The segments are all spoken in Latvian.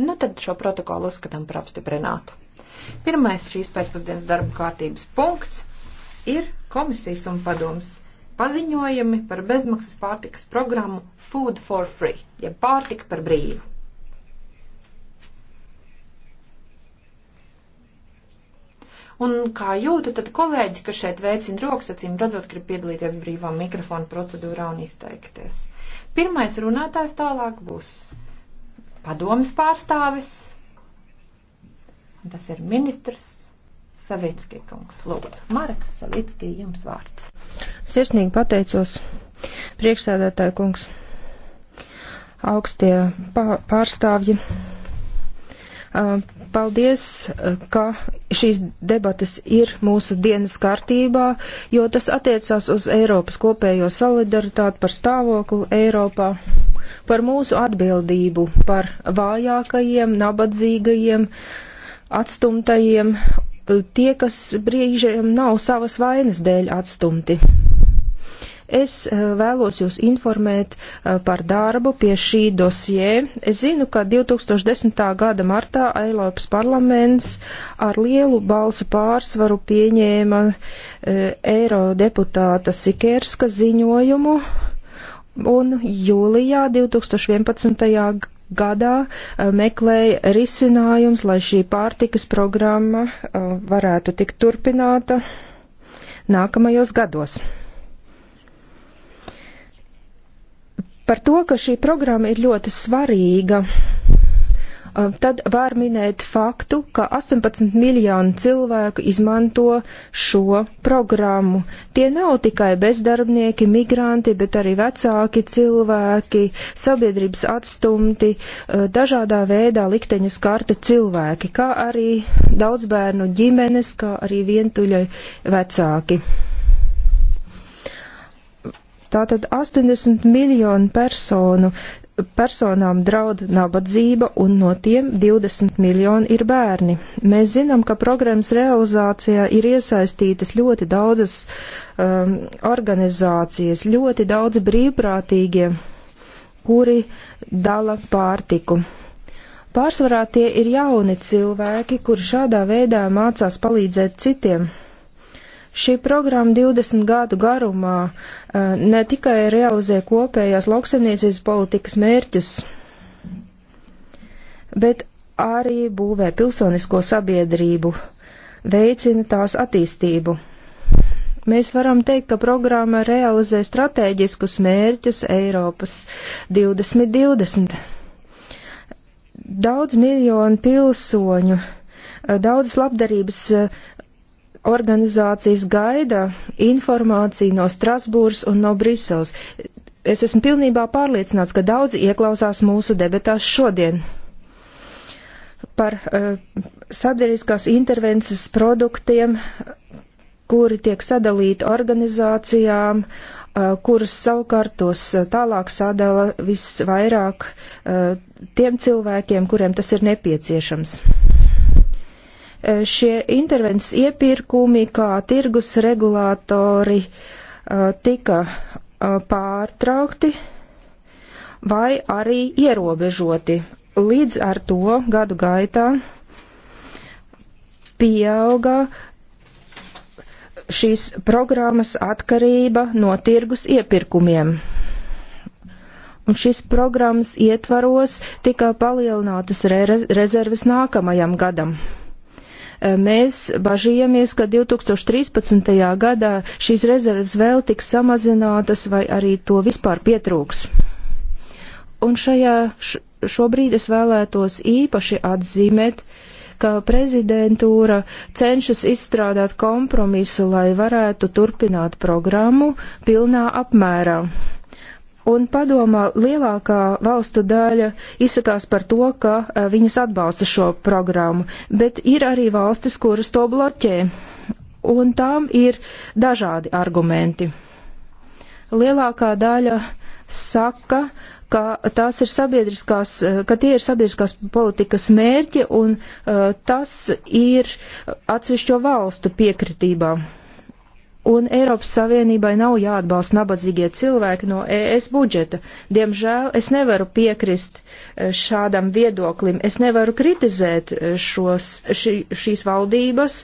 Nu, tad šo protokolu uzskatām par apstiprinātu. Pirmais šīs pēcpusdienas darba kārtības punkts ir komisijas un padoms paziņojumi par bezmaksas pārtikas programmu Food for Free, jeb ja pārtika par brīvu. Un kā jūtu, tad kolēģi, kas šeit veicina rokas, acīm redzot, grib piedalīties brīvā mikrofona procedūrā un izteikties. Pirmais runātājs tālāk būs padomas pārstāvis, un tas ir ministrs Savicki kungs. Lūdzu, Marks Savicki, jums vārds. Sirsnīgi pateicos, priekšsēdētāju kungs, augstie pārstāvji. Uh, paldies, uh, ka šīs debatas ir mūsu dienas kārtībā, jo tas attiecās uz Eiropas kopējo solidaritāti par stāvokli Eiropā, par mūsu atbildību par vājākajiem, nabadzīgajiem, atstumtajiem, tie, kas brīžiem nav savas vainas dēļ atstumti. Es eh, vēlos jūs informēt eh, par darbu pie šī dosjē. Es zinu, ka 2010. gada martā Eiropas parlaments ar lielu balsu pārsvaru pieņēma eh, eiro deputāta Sikerska ziņojumu un jūlijā 2011. gadā meklēja risinājums, lai šī pārtikas programma varētu tikt turpināta nākamajos gados. Par to, ka šī programma ir ļoti svarīga, um, tad var minēt faktu, ka 18 miljonu cilvēku izmanto šo programmu. Tie nav tikai bezdarbnieki, migranti, bet arī vecāki cilvēki, sabiedrības atstumti, uh, dažādā veidā likteņa skarta cilvēki, kā arī daudz bērnu ģimenes, kā arī vientuļai vecāki. Tātad 80 miljonu personu personām draud nabadzība un no tiem 20 miljoni ir bērni. Mēs zinām, ka programmas realizācijā ir iesaistītas ļoti daudzas um, organizācijas, ļoti daudz brīvprātīgie, kuri dala pārtiku. Pārsvarā tie ir jauni cilvēki, kuri šādā veidā mācās palīdzēt citiem. Šī programma 20 gadu garumā eh, ne tikai realizē kopējās lauksaimniecības politikas mērķus, bet arī būvē pilsonisko sabiedrību, veicina tās attīstību. Mēs varam teikt, ka programma realizē strateģiskus mērķus Eiropas 2020. Daudz miljonu pilsoņu, eh, daudzas labdarības eh, organizācijas gaida informāciju no Strasbūras un no Briseles. Es esmu pilnībā pārliecināts, ka daudzi ieklausās mūsu debatās šodien par uh, sabiedriskās intervences produktiem, kuri tiek sadalīti organizācijām, uh, kuras savukārt tos eh, tālāk sadala visvairāk uh, tiem cilvēkiem, kuriem tas ir nepieciešams. E, šie intervences iepirkumi kā tirgus regulātori e, tika e, pārtraukti vai arī ierobežoti. Līdz ar to gadu gaitā pieauga šīs programmas atkarība no tirgus iepirkumiem. Un šis programmas ietvaros tika palielinātas re rezerves nākamajam gadam. Mēs bažījāmies, ka 2013. gadā šīs rezerves vēl tiks samazinātas vai arī to vispār pietrūks. Un šajā šobrīd es vēlētos īpaši atzīmēt, ka prezidentūra cenšas izstrādāt kompromisu, lai varētu turpināt programmu pilnā apmērā un padomā lielākā valstu daļa izsakās par to, ka eh, viņas atbalsta šo programmu, bet ir arī valstis, kuras to bloķē, un tām ir dažādi argumenti. Lielākā daļa saka, ka tās ir sabiedriskās, eh, ka tie ir sabiedriskās politikas mērķi, un uh, tas ir atsevišķo valstu piekritībā. Uh, un Eiropas Savienībai nav jāatbalsta nabadzīgie cilvēki no ES budžeta. Diemžēl es nevaru piekrist e, šādam viedoklim, es nevaru kritizēt e, šos, ši, šīs valdības,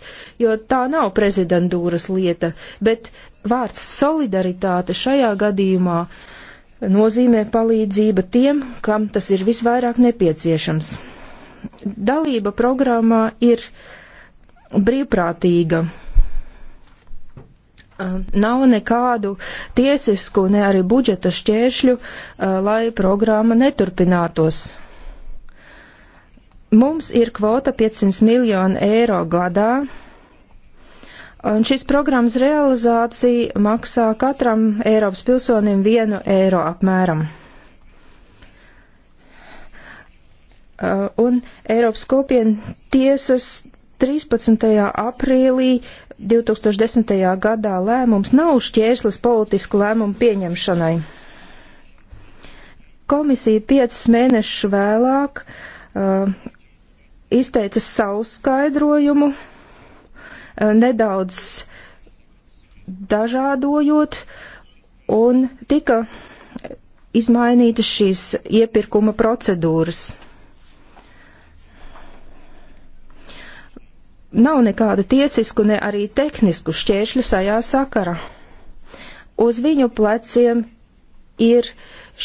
jo tā nav prezidentūras lieta, bet vārds solidaritāte šajā gadījumā nozīmē palīdzība tiem, kam tas ir visvairāk nepieciešams. Dalība programmā ir brīvprātīga Eh, nav nekādu tiesisku, ne arī budžeta šķēršļu, eh, lai programma neturpinātos. Mums ir kvota 500 miljonu eiro gadā, un šīs programmas realizācija maksā katram Eiropas pilsonim vienu eiro apmēram. Eh, un Eiropas kopienu tiesas 13. aprīlī uh, 2010. gadā lēmums nav šķērslis politisku lēmumu pieņemšanai. Komisija piecas mēnešus vēlāk uh, izteica savu skaidrojumu, uh, nedaudz dažādojot, un tika izmainītas šīs iepirkuma procedūras. nav nekādu tiesisku, ne arī tehnisku šķēršļu šajā sakarā. Uz viņu pleciem ir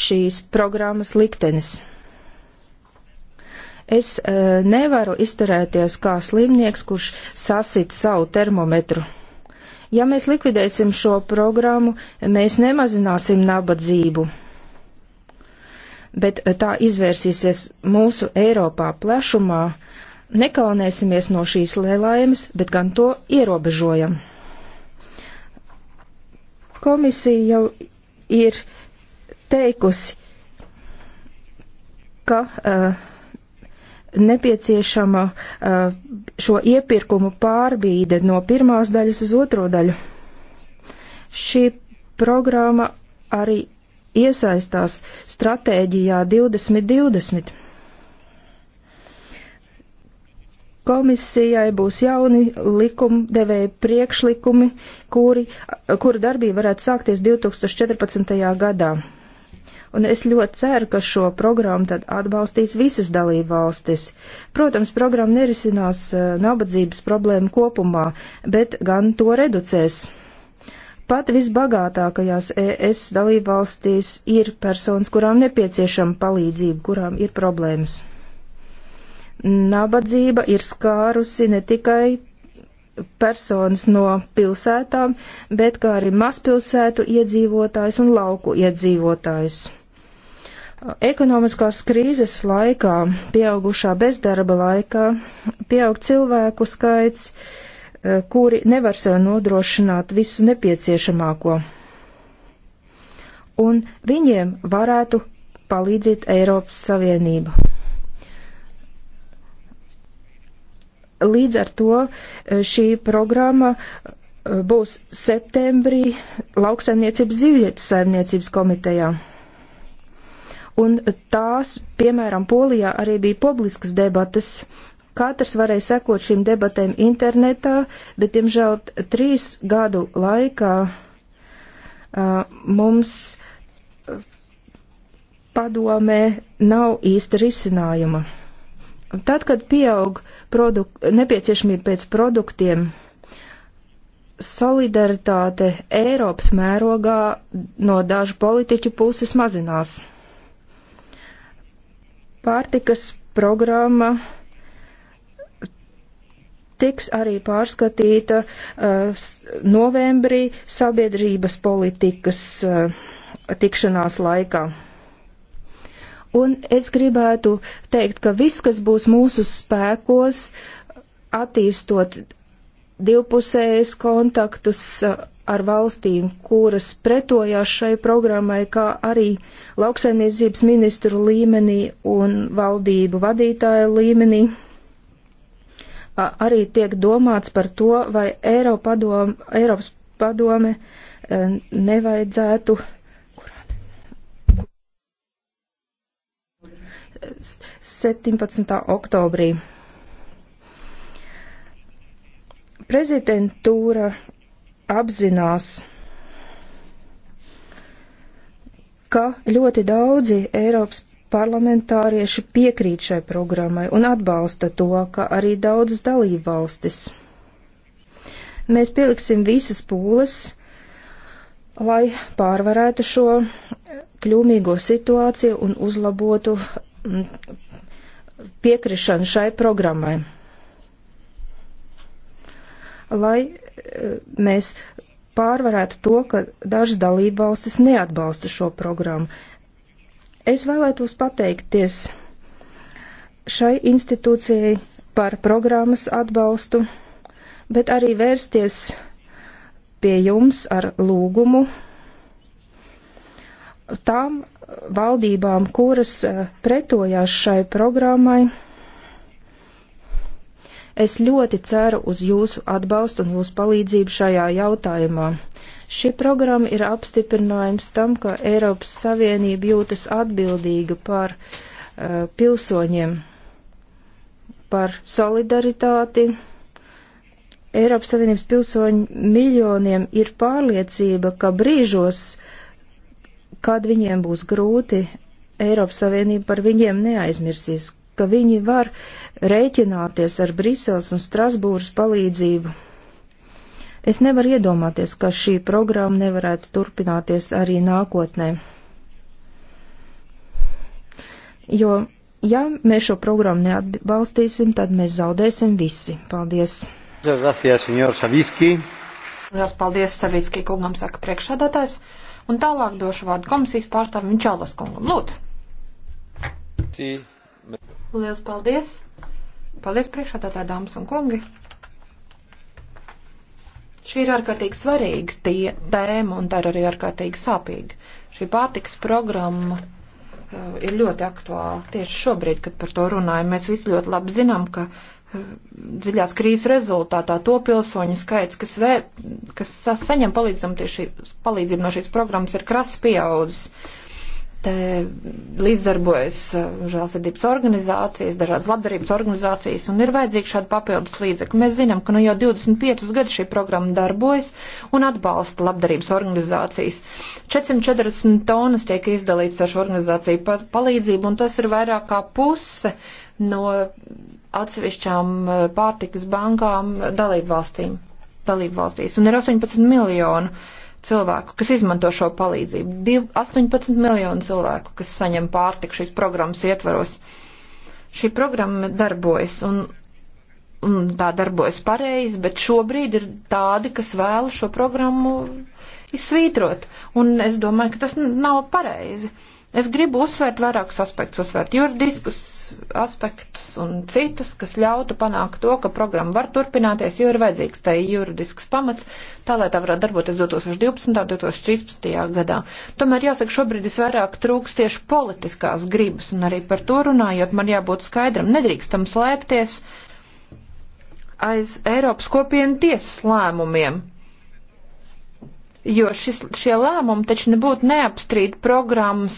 šīs programmas liktenis. Es e, nevaru izturēties kā slimnieks, kurš sasit savu termometru. Ja mēs likvidēsim šo programmu, mēs nemazināsim nabadzību bet e, tā izvērsīsies mūsu Eiropā plašumā, nekaunēsimies no šīs lēlaimes, bet gan to ierobežojam. Komisija jau ir teikusi, ka uh, nepieciešama uh, šo iepirkumu pārbīde no pirmās daļas uz otro daļu. Šī programma arī iesaistās stratēģijā 2020. Komisijai būs jauni likumdevēja priekšlikumi, kuri, kura darbība varētu sākties 2014. gadā. Un es ļoti ceru, ka šo programmu tad atbalstīs visas dalība valstis. Protams, programma nerisinās eh, nabadzības problēmu kopumā, bet gan to reducēs pat visbagātākajās ES dalībvalstīs ir personas, kurām nepieciešama palīdzība, kurām ir problēmas nabadzība ir skārusi ne tikai personas no pilsētām, bet kā arī mazpilsētu iedzīvotājs un lauku iedzīvotājs. Ekonomiskās krīzes laikā, pieaugušā bezdarba laikā, pieaug cilvēku skaits, eh, kuri nevar sev nodrošināt visu nepieciešamāko. Un viņiem varētu palīdzēt Eiropas Savienība. Līdz ar to e, šī programma e, būs septembrī lauksaimniecības zivietas saimniecības komitejā. Un tās, piemēram, Polijā arī bija publiskas debatas. Katrs varēja sekot šīm debatēm internetā, bet, diemžēl, trīs gadu laikā uh, mums e, padomē nav īsta risinājuma. Tad, kad pieaug produk nepieciešamība pēc produktiem, solidaritāte Eiropas mērogā no dažu politiķu puses mazinās. Pārtikas programma tiks arī pārskatīta uh, novembrī sabiedrības politikas uh, tikšanās laikā. Un es gribētu teikt, ka viss, kas būs mūsu spēkos, attīstot divpusējas kontaktus ar valstīm, kuras pretojās šai programmai, kā arī lauksainiedzības ministru līmenī un valdību vadītāju līmenī, arī tiek domāts par to, vai Eiropa padome, Eiropas padome e, nevajadzētu uh, 17. oktobrī. Prezidentūra apzinās, ka ļoti daudzi Eiropas parlamentārieši piekrīt šai programmai un atbalsta to, ka arī daudzas dalībvalstis. Mēs pieliksim visas pūles, lai pārvarētu šo kļūmīgo situāciju un uzlabotu piekrišanu šai programmai. Lai e, mēs pārvarētu to, ka dažas dalībvalstis neatbalsta šo programmu. Es vēlētos pateikties šai institūcijai par programmas atbalstu, bet arī vērsties pie jums ar lūgumu tām valdībām, kuras eh, pretojās šai programmai. Es ļoti ceru uz jūsu atbalstu un jūsu palīdzību šajā jautājumā. Šī programma ir apstiprinājums tam, ka Eiropas Savienība jūtas atbildīga par uh, pilsoņiem, par solidaritāti. Eiropas Savienības pilsoņu miljoniem ir pārliecība, ka brīžos uh, kad viņiem būs grūti, Eiropas Savienība par viņiem neaizmirsīs, ka viņi var rēķināties ar Briseles un Strasbūras palīdzību. Es nevaru iedomāties, ka šī programma nevarētu turpināties arī nākotnē. Jo, ja mēs šo programmu neatbalstīsim, tad mēs zaudēsim visi. Paldies! Gracias, Lielas paldies, Savicki kungam, saka priekšādātājs. Un tālāk došu vārdu komisijas pārstāvim Čalas kungam. Lūdzu! Lielas paldies! Paldies priekšādātāji, dāmas un kungi! Šī ir ārkārtīgi svarīga tie, tēma un tā ir arī ārkārtīgi sāpīga. Šī pārtiks programma uh, ir ļoti aktuāla tieši šobrīd, kad par to runājam. Mēs visi ļoti labi zinām, ka dziļās krīzes rezultātā to pilsoņu skaits, kas, vē, kas saņem palīdzību, tieši, palīdzību no šīs programmas, ir krasi pieaudzis. Te līdzdarbojas uh, žēlsirdības organizācijas, dažādas labdarības organizācijas, un ir vajadzīgi šādi papildus līdzekļi. Mēs zinām, ka nu jau 25 gadus šī programma darbojas un atbalsta labdarības organizācijas. 440 tonas tiek izdalīts ar šo organizāciju palīdzību, un tas ir vairāk kā puse no atsevišķām eh, pārtikas bankām dalību valstīm, dalību valstīs. Un ir 18 miljonu cilvēku, kas izmanto šo palīdzību. Div, 18 miljonu cilvēku, kas saņem pārtiku šīs programmas ietvaros. Šī programma darbojas un, un tā darbojas pareizi, bet šobrīd ir tādi, kas vēlas šo programmu izsvītrot. Un es domāju, ka tas nav pareizi. Es gribu uzsvērt vairākus aspektus, uzsvērt juridiskus, aspektus un citus, kas ļautu panākt to, ka programma var turpināties, jo ir vajadzīgs tai juridisks pamats, tā lai tā varētu darboties 2012. un 2013. gadā. Tomēr jāsaka, šobrīd es vairāk trūks tieši politiskās gribas, un arī par to runājot, man jābūt skaidram, nedrīkstam slēpties aiz Eiropas kopienu tiesas lēmumiem Jo šis, šie lēmumi taču nebūtu neapstrīd programmas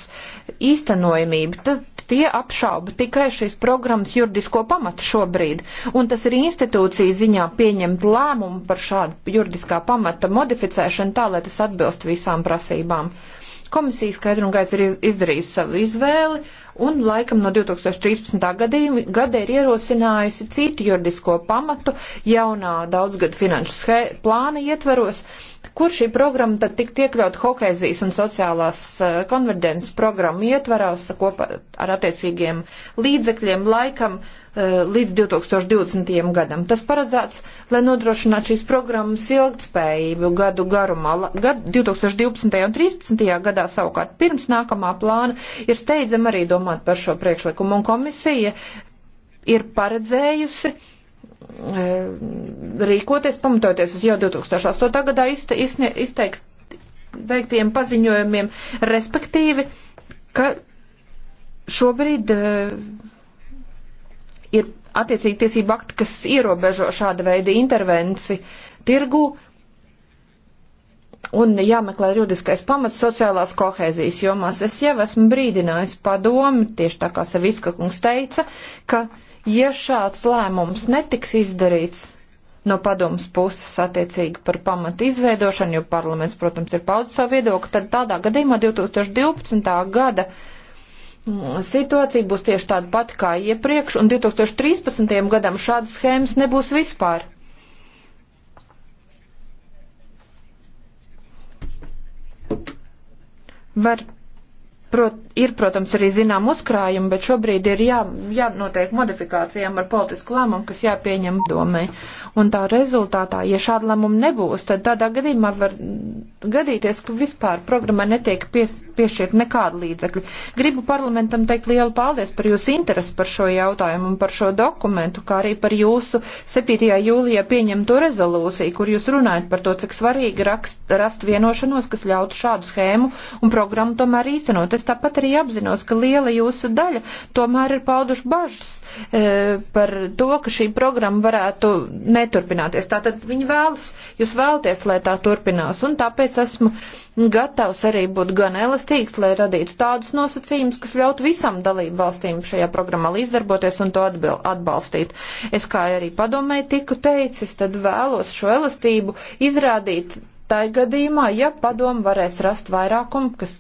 īstenojamību. Tas, tie apšauba tikai šīs programmas juridisko pamatu šobrīd. Un tas ir institūcija ziņā pieņemt lēmumu par šādu juridiskā pamata modificēšanu tā, lai tas atbilst visām prasībām. Komisija skaidru un gaisa ir izdarījusi savu izvēli un laikam no 2013. Gadījumi, gada ir ierosinājusi citu juridisko pamatu jaunā daudzgada finanšu plāna ietveros Kur šī programma tad tikt iekļaut kohēzijas un sociālās eh, konverģences programmu ietvarās kopā ar attiecīgiem līdzekļiem laikam eh, līdz 2020. gadam? Tas paredzēts, lai nodrošinātu šīs programmas ilgtspējību gadu garumā. Gad 2012. un 2013. gadā savukārt pirms nākamā plāna ir steidzam arī domāt par šo priekšlikumu un komisija ir paredzējusi Ehm, rīkoties, pamatoties uz jau 2008. gadā izte, izne, izteikt veiktiem paziņojumiem, respektīvi, ka šobrīd uh, ir attiecīgi tiesība akti, kas ierobežo šāda veida intervenci tirgu un jāmeklē juridiskais pamats sociālās kohēzijas jomās. Es jau esmu brīdinājis padomi, tieši tā kā Saviska kungs teica, ka uh, ja šāds lēmums netiks izdarīts no padomas puses attiecīgi par pamatu izveidošanu, jo parlaments, protams, ir paudzis savu viedokli, tad tādā gadījumā 2012. gada mm, situācija būs tieši tāda pati kā iepriekš, un 2013. gadam šādas schēmas nebūs vispār. Var Prot, ir, protams, arī zinām uzkrājumi, bet šobrīd ir jā, jānotiek modifikācijām ar politisku lēmumu, kas jāpieņem domai. Un tā rezultātā, ja šāda lēmuma nebūs, tad tādā gadījumā var gadīties, ka vispār programmai netiek pies, piešķirt nekāda līdzekļa. Gribu parlamentam teikt lielu paldies par jūsu interesi par šo jautājumu un par šo dokumentu, kā arī par jūsu 7. jūlijā pieņemto rezolūciju, kur jūs runājat par to, cik svarīgi rakst, rast vienošanos, kas ļautu šādu schēmu un programmu tomēr īstenot. Es tāpat arī apzinos, ka liela jūsu daļa tomēr ir pauduši bažas e, par to, ka šī programma varētu ne neturpināties. Tātad viņi vēlas, jūs vēlties, lai tā turpinās, un tāpēc esmu gatavs arī būt gan elastīgs, lai radītu tādus nosacījumus, kas ļautu visam dalību valstīm šajā programmā līdzdarboties un to atbil, atbalstīt. Es, kā arī padomēju, tiku teicis, tad vēlos šo elastību izrādīt Tā ir gadījumā, ja padomu varēs rast vairākumu, kas,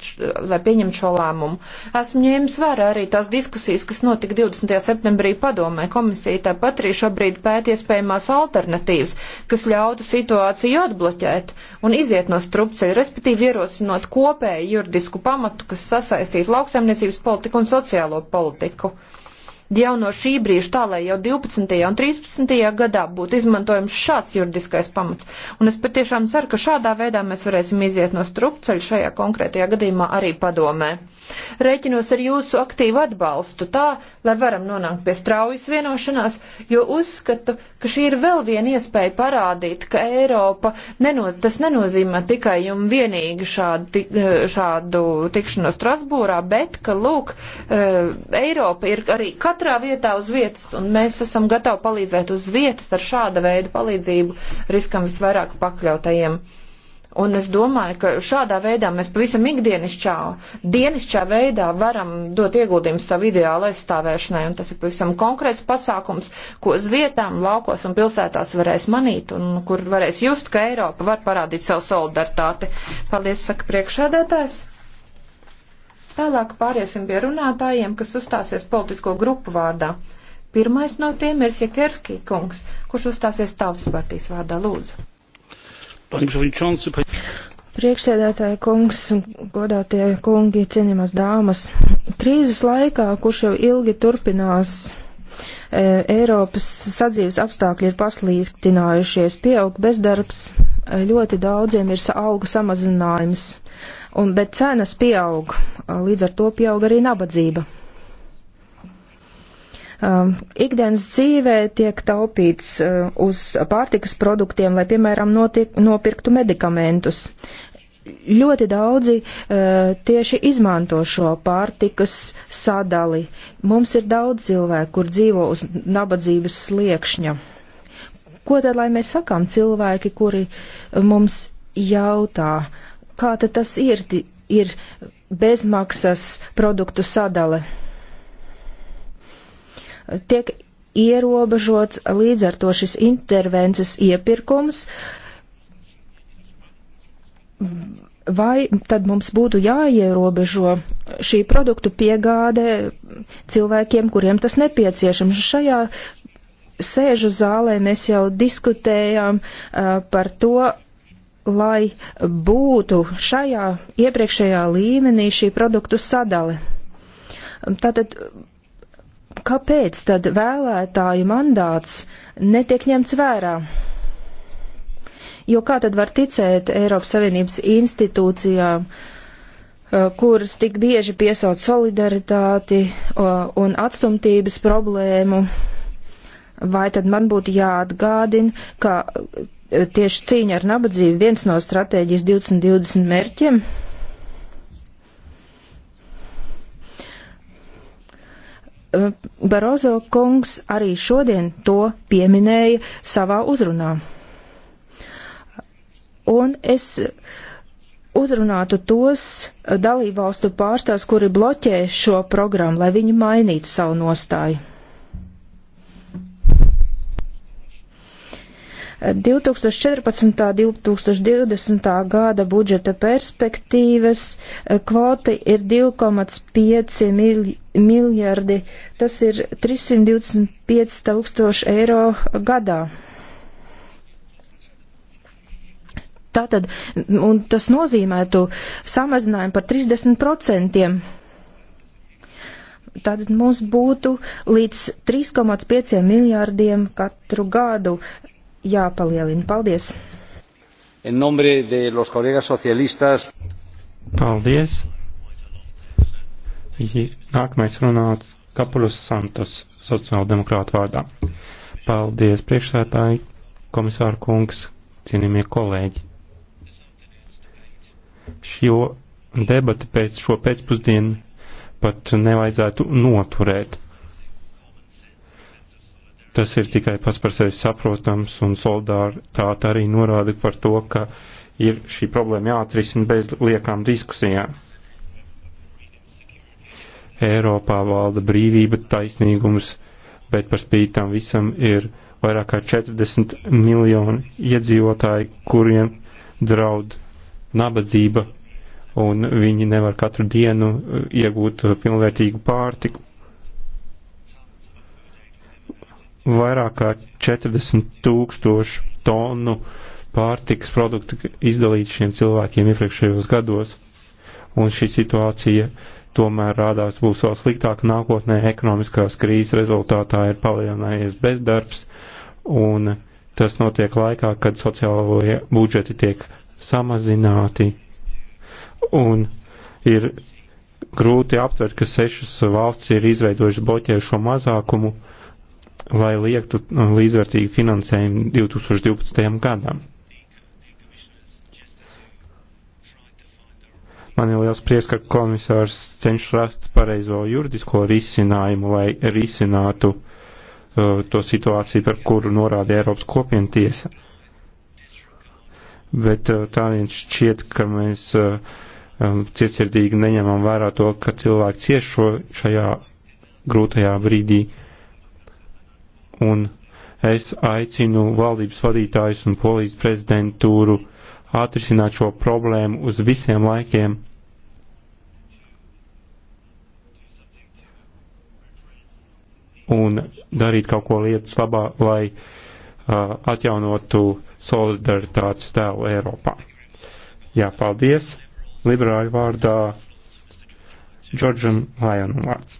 lai pieņemtu šo lēmumu. Esmu ņēmis vērā arī tās diskusijas, kas notika 20. septembrī padomē. Komisija tāpat arī šobrīd pēt iespējamās alternatīvas, kas ļautu situāciju atbloķēt un iziet no strupceļa, respektīvi ierosinot kopēju juridisku pamatu, kas sasaistītu lauksaimniecības politiku un sociālo politiku jau no šī brīža tā, lai jau 12. un 13. gadā būtu izmantojams šāds juridiskais pamats. Un es patiešām ceru, ka šādā veidā mēs varēsim iziet no strupceļa šajā konkrētajā gadījumā arī padomē. Rēķinos ar jūsu aktīvu atbalstu tā, lai varam nonākt pie straujas vienošanās, jo uzskatu, ka šī ir vēl viena iespēja parādīt, ka Eiropa neno, tas nenozīmē tikai un vienīgi šādu, eh, šādu tikšanos Strasbūrā, bet ka, lūk, eh, Eiropa ir arī katrā vietā uz vietas, un mēs esam gatavi palīdzēt uz vietas ar šāda veida palīdzību riskam visvairāk pakļautajiem. Un es domāju, ka šādā veidā mēs pavisam ikdienišķā, dienišķā veidā varam dot ieguldījumu savu ideālu aizstāvēšanai, un tas ir pavisam konkrēts pasākums, ko uz vietām, laukos un pilsētās varēs manīt, un kur varēs just, ka Eiropa var parādīt savu solidaritāti. Paldies, saka priekšēdētājs. Tālāk pāriesim pie runātājiem, kas uzstāsies politisko grupu vārdā. Pirmais no tiem ir Siekerskī kungs, kurš uzstāsies tautas partijas vārdā. Lūdzu. Priekšsēdētāja kungs, godātie kungi, cienījamās dāmas, krīzes laikā, kurš jau ilgi turpinās, e, Eiropas sadzīves apstākļi ir pasliktinājušies, pieaug bezdarbs, e, ļoti daudziem ir algu samazinājums, un, bet cenas pieaug, līdz ar to pieaug arī nabadzība. Um, ikdienas dzīvē tiek taupīts uh, uz pārtikas produktiem, lai, piemēram, notiek, nopirktu medikamentus. Ļoti daudzi uh, tieši izmanto šo pārtikas sadali. Mums ir daudz cilvēku, kur dzīvo uz nabadzības sliekšņa. Ko tad, lai mēs sakām cilvēki, kuri mums jautā, kā tad tas ir, ir bezmaksas produktu sadale? tiek ierobežots līdz ar to šis intervences iepirkums. Vai tad mums būtu jāierobežo šī produktu piegāde cilvēkiem, kuriem tas nepieciešams? Šajā sēžu zālē mēs jau diskutējām uh, par to, lai būtu šajā iepriekšējā līmenī šī produktu sadale. Tātad kāpēc tad vēlētāju mandāts netiek ņemts vērā? Jo kā tad var ticēt Eiropas Savienības institūcijām, eh, kuras tik bieži piesauc solidaritāti un atstumtības problēmu? Vai tad man būtu jāatgādina, ka eh, tieši cīņa ar nabadzību viens no stratēģijas 2020 mērķiem? Barozo kungs arī šodien to pieminēja savā uzrunā. Un es uzrunātu tos dalībvalstu pārstāvs, kuri bloķē šo programmu, lai viņi mainītu savu nostāju. 2014. un 2020. gada budžeta perspektīvas eh, kvota ir 2,5 miljardi. Tas ir 325 tūkstoši eiro gadā. Tātad, un tas nozīmētu samazinājumu par 30%. Tātad mums būtu līdz 3,5 miljārdiem katru gadu jāpalielina. Paldies! En nombre de los colegas socialistas. Paldies! Nākamais runāts Kapulus Santos, sociāldemokrāta vārdā. Paldies, priekšsētāji, komisāra kungs, cienījamie kolēģi. Šo debati pēc šo pēcpusdienu pat nevajadzētu noturēt. Tas ir tikai pats par sevi saprotams, un solidaritāte arī norāda par to, ka ir šī problēma jāatrisina bez liekām diskusijām. Eiropā valda brīvība, taisnīgums, bet par spīti tam visam ir vairāk kā 40 miljoni iedzīvotāji, kuriem draud nabadzība, un viņi nevar katru dienu iegūt pilnvērtīgu pārtiku. vairāk kā 40 tūkstošu tonu pārtiks produktu izdalīts šiem cilvēkiem iepriekšējos gados, un šī situācija tomēr rādās būs vēl sliktāka nākotnē, ekonomiskās krīzes rezultātā ir palielinājies bezdarbs, un tas notiek laikā, kad sociālo budžeti tiek samazināti, un ir grūti aptvert, ka sešas valsts ir izveidojušas bloķējušo mazākumu, uh, lai liektu uh, līdzvērtīgu finansējumu 2012. gadam. Man ir liels prieks, ka komisārs cenšas rast pareizo juridisko risinājumu, lai risinātu uh, to situāciju, par kuru norāda Eiropas kopiena tiesa. Bet uh, tā viens šķiet, ka mēs uh, um, cietsirdīgi neņemam vērā to, ka cilvēki ciešo šajā grūtajā brīdī. Uh, un es aicinu valdības vadītājus un polijas prezidentūru atrisināt šo problēmu uz visiem laikiem. Un darīt kaut ko lietas labā, lai uh, atjaunotu solidaritātes tēlu Eiropā. Jā, paldies. Liberāļu vārdā Džordžam Lajonam vārds.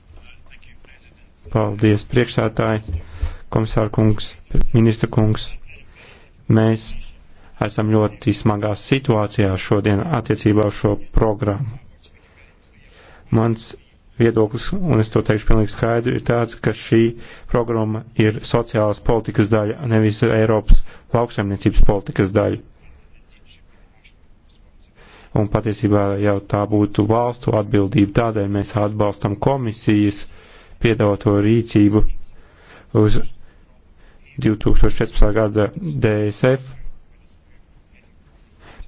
Paldies, priekšsētāji komisāra kungs, ministra kungs, mēs esam ļoti smagā situācijā šodien attiecībā uz šo programmu. Mans viedoklis, un es to teikšu pilnīgi skaidri, ir tāds, ka šī programma ir sociālas politikas daļa, nevis Eiropas lauksaimniecības politikas daļa. Un patiesībā jau tā būtu valstu atbildība, tādēļ mēs atbalstam komisijas piedāvāto rīcību uz 2014. gada DSF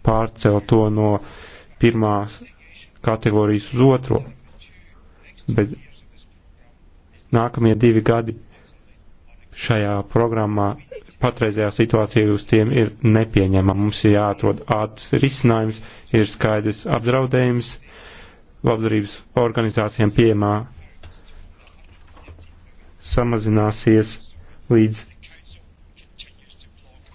pārcelt to no pirmās kategorijas uz otro, bet nākamie divi gadi šajā programmā patreizējā situācija uz tiem ir nepieņemama. Mums ir jāatrod ātrs risinājums, ir skaidrs apdraudējums labdarības organizācijām pieejamā samazināsies līdz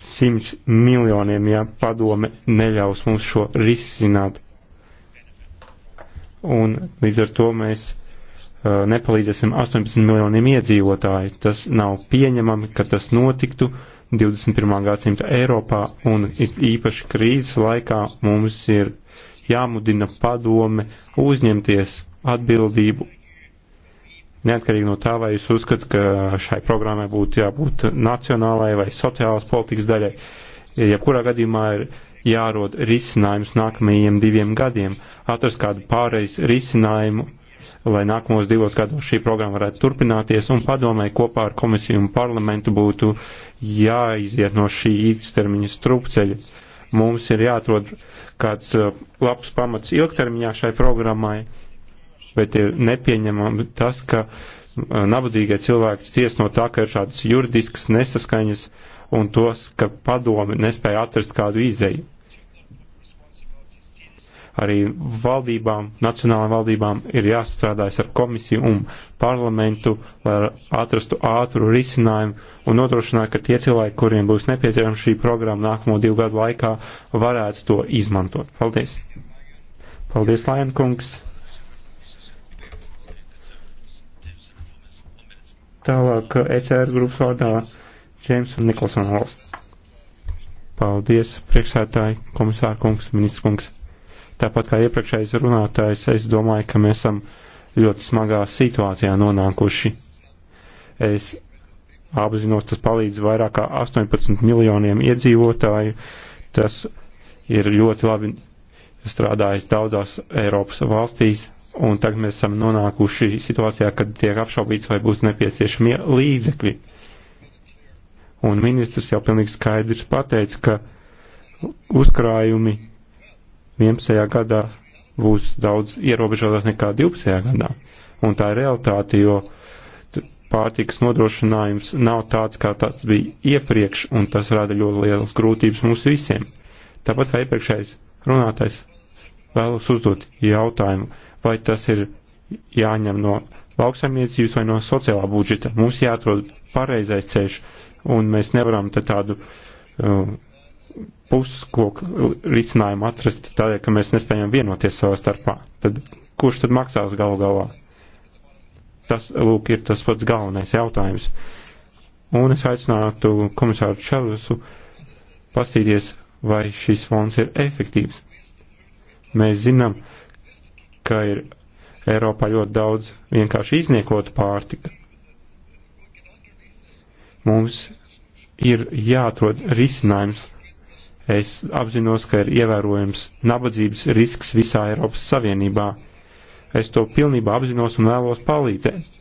simts miljoniem, ja padome neļaus mums šo risināt. Un līdz ar to mēs uh, nepalīdzēsim 18 miljoniem iedzīvotāju. Tas nav pieņemami, ka tas notiktu 21. gadsimta Eiropā, un īpaši krīzes laikā mums ir jāmudina padome uzņemties atbildību Neatkarīgi no tā, vai jūs uzskatāt, ka šai programmai būtu jābūt nacionālai vai sociālās politikas daļai, jebkurā gadījumā ir jārod risinājums nākamajiem diviem gadiem, atrast kādu pārejas risinājumu, lai nākamos divos gados šī programma varētu turpināties, un padomai kopā ar komisiju un parlamentu būtu jāiziet no šī īstermiņa strupceļa. Mums ir jāatrod kāds uh, labs pamats ilgtermiņā šai programmai, bet ir nepieņemami tas, ka uh, nabadīgie cilvēki cies no tā, ka ir šādas juridiskas nesaskaņas un tos, ka padomi nespēja atrast kādu izēju. Arī valdībām, nacionālām valdībām ir jāstrādājas ar komisiju un parlamentu, lai atrastu ātru risinājumu un nodrošinātu, ka tie cilvēki, kuriem būs nepieciešama šī programma nākamo divu gadu laikā, varētu to izmantot. Paldies! Paldies, Lajankungs! Tālāk ECR grupas vārdā Džeims un Nikolson Valsts. Paldies, priekšsētāji, komisāra kungs, ministra kungs. Tāpat kā iepriekšējais runātājs, es domāju, ka mēs esam ļoti smagā situācijā nonākuši. Es apzinos, tas palīdz vairāk kā 18 miljoniem iedzīvotāju. Tas ir ļoti labi strādājis daudzās Eiropas valstīs, Un tagad mēs esam nonākuši situācijā, kad tiek apšaubīts, vai būs nepieciešamie līdzekļi. Un ministrs jau pilnīgi skaidrs pateica, ka uzkrājumi 11. gadā būs daudz ierobežotāk nekā 12. gadā. Un tā ir realitāte, jo pārtikas nodrošinājums nav tāds, kā tas bija iepriekš, un tas rada ļoti lielas grūtības mums visiem. Tāpat kā iepriekšējais runātais vēlas uzdot jautājumu, vai tas ir jāņem no lauksaimniecības vai no sociālā budžeta. Mums jāatrod pareizais ceļš, un mēs nevaram te tādu uh, um, puskoku risinājumu atrast tādēļ, ka mēs nespējam vienoties savā starpā. Tad kurš tad maksās galu galā? Tas, lūk, ir tas pats galvenais jautājums. Un es aicinātu komisāru Čavusu pastīties, vai šis fonds ir efektīvs. Mēs zinām, uh, ka ir Eiropā ļoti daudz vienkārši izniekota pārtika. Mums ir jāatrod risinājums. Es apzinos, ka ir ievērojams nabadzības risks visā Eiropas Savienībā. Es to pilnībā apzinos un vēlos palīdzēt.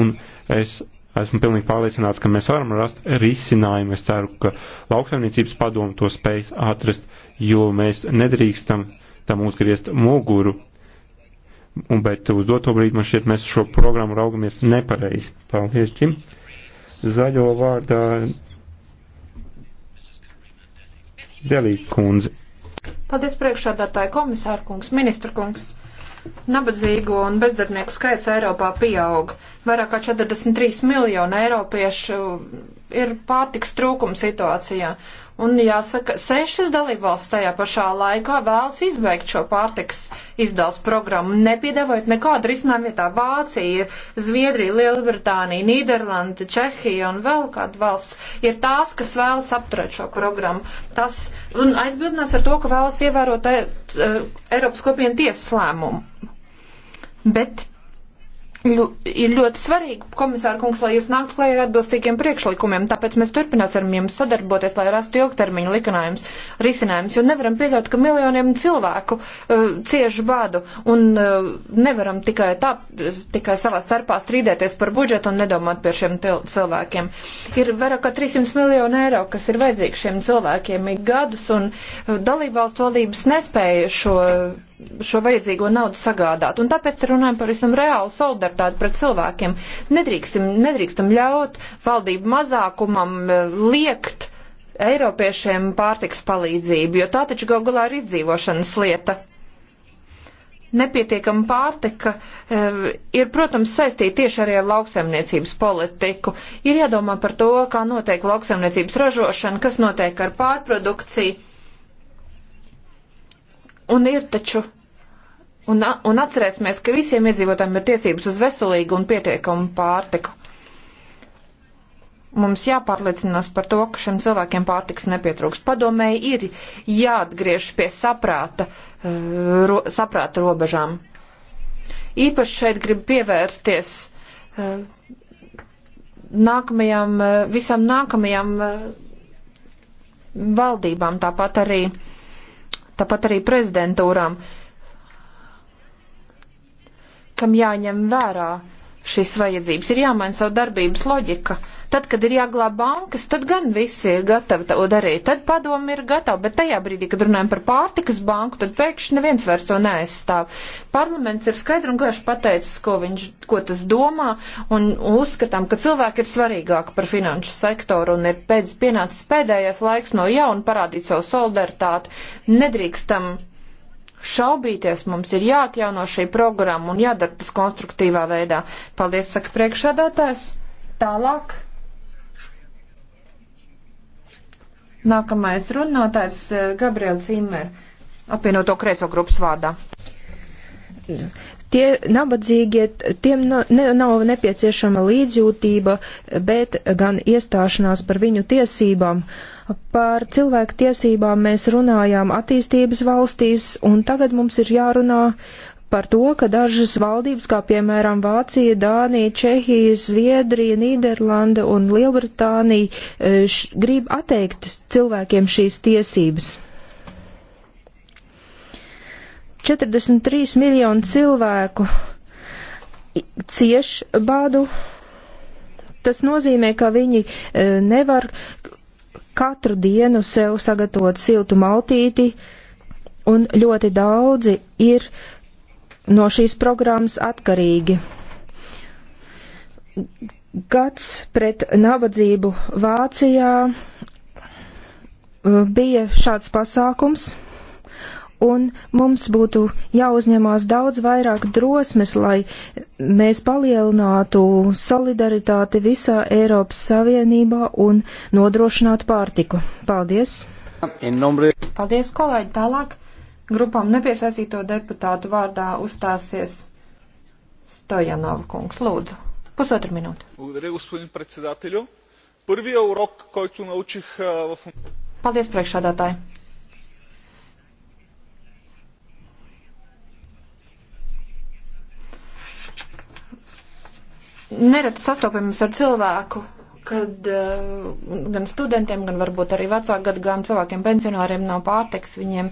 Un es Esmu pilnīgi pārliecināts, ka mēs varam rast risinājumu. Es ceru, ka lauksaimniecības padomu to spēj atrast, jo mēs nedrīkstam tam uzgriezt muguru. Un, bet uz doto brīdi man šķiet, mēs šo programmu raugamies nepareizi. Paldies, Čim. Zaļo vārdā Delī kundze. Paldies priekšādātāji komisārkungs, ministra kungs. Nabadzīgo un bezdarbnieku skaits Eiropā pieaug. Vairāk kā 43 miljoni eiropiešu ir pārtiks trūkuma situācijā. Un jāsaka, sešas dalībvalsts tajā pašā laikā vēlas izbeigt šo pārtiks izdals programmu, nepiedāvājot nekādu risinājumu vietā. Vācija, Zviedrija, Lielbritānija, Nīderlanda, Čehija un vēl kāda valsts ir tās, kas vēlas apturēt šo programmu. Tas un aizbildinās ar to, ka vēlas ievērot e, e, Eiropas kopienu tiesas lēmumu. Bet ļu, ir ļoti svarīgi, komisāra kungs, lai jūs nāktu klajā ar atbilstīgiem priekšlikumiem, tāpēc mēs turpināsim ar jums sadarboties, lai rastu ilgtermiņa likanājums, risinājums, jo nevaram pieļaut, ka miljoniem cilvēku uh, cieši bādu un uh, nevaram tikai tā, tikai savā starpā strīdēties par budžetu un nedomāt par šiem cilvēkiem. Ir vairāk kā 300 miljonu eiro, kas ir vajadzīgi šiem cilvēkiem ik gadus, un uh, dalībvalstu valdības nespēja šo. Uh, šo vajadzīgo naudu sagādāt. Un tāpēc runājam par visam reālu solidaritāti pret cilvēkiem. Nedrīkstam, nedrīkstam ļaut valdību mazākumam e, liekt Eiropiešiem pārtiks palīdzību, jo tā taču gal galā ir izdzīvošanas lieta nepietiekama pārtika e, ir, protams, saistīta tieši arī ar lauksaimniecības politiku. Ir jādomā par to, kā notiek lauksaimniecības ražošana, kas notiek ar pārprodukciju. Un ir taču Un, un atcerēsimies, ka visiem iedzīvotājiem ir tiesības uz veselīgu un pietiekamu pārtiku. Mums jāpārliecinās par to, ka šiem cilvēkiem pārtiks nepietrūks. Padomēji ir jāatgriež pie saprāta, eh, ro, saprāta robežām. Īpaši šeit grib pievērsties eh, nākamajām, eh, visam nākamajām valdībām, tāpat arī uh, tāpat arī prezidentūrām, kam jāņem vērā šīs vajadzības, ir jāmaina savu darbības loģika. Tad, kad ir jāglāb bankas, tad gan visi ir gatavi to darīt, tad padomi ir gatavi, bet tajā brīdī, kad runājam par pārtikas banku, tad pēkšņi neviens vairs to neaizstāv. Parlaments ir skaidri un gaiši pateicis, ko, viņš, ko tas domā, un uzskatām, ka cilvēki ir svarīgāki par finanšu sektoru, un ir pēc pienācis pēdējais laiks no jauna parādīt savu solidaritāti. Nedrīkstam šaubīties, mums ir jāatjauno šī programma un jādara tas konstruktīvā veidā. Paldies, saka priekšādātājs. Tālāk. Nākamais runātājs eh, Gabriels Immer, apvienoto kreiso grupas vārdā. Tie nabadzīgie, tiem nav, ne, nav nepieciešama līdzjūtība, bet gan iestāšanās par viņu tiesībām. Uh, Par cilvēku tiesībām mēs runājām attīstības valstīs, un tagad mums ir jārunā par to, ka dažas valdības, kā piemēram Vācija, Dānija, Čehija, Zviedrija, Nīderlanda un Lielbritānija, e, š, grib atteikt cilvēkiem šīs tiesības. 43 miljonu cilvēku cieš badu. Tas nozīmē, ka viņi e, nevar katru dienu sev sagatavot siltu maltīti, un ļoti daudzi ir no šīs programmas atkarīgi. Gads pret nabadzību Vācijā uh, bija šāds pasākums un mums būtu jāuzņemās daudz vairāk drosmes, lai mēs palielinātu solidaritāti visā Eiropas Savienībā un nodrošinātu pārtiku. Paldies! Paldies, kolēģi! Tālāk grupām nepiesaistīto deputātu vārdā uzstāsies Stojanova kungs. Lūdzu, pusotru minūtu. Paldies, priekšādātāji! nereti sastopamies ar cilvēku, kad uh, gan studentiem, gan varbūt arī vecāku gadagājumu cilvēkiem, pensionāriem nav pārtiks, viņiem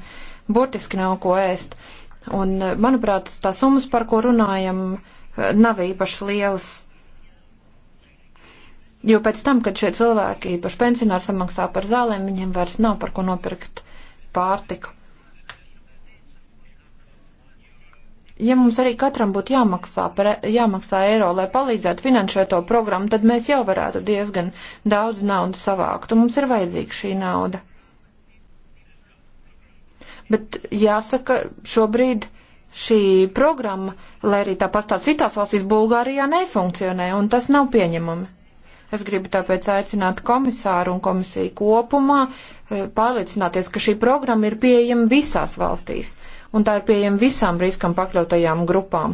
burtiski nav ko ēst. Un, eh, manuprāt, tās summas, par ko runājam, eh, nav īpaši lielas. Jo pēc tam, kad šie cilvēki, īpaši pensionāri, samaksā par zālēm, viņiem vairs nav par ko nopirkt pārtiku. ja mums arī katram būtu jāmaksā, par, jāmaksā eiro, lai palīdzētu finansēt to programmu, tad mēs jau varētu diezgan daudz naudas savākt, un mums ir vajadzīga šī nauda. Bet jāsaka, šobrīd šī programma, lai arī tā pastāv citās valstīs, Bulgārijā nefunkcionē, un tas nav pieņemami. Es gribu tāpēc aicināt komisāru un komisiju kopumā eh, pārliecināties, ka šī programma ir pieejama visās valstīs un tā ir pieejama visām riskam pakļautajām grupām.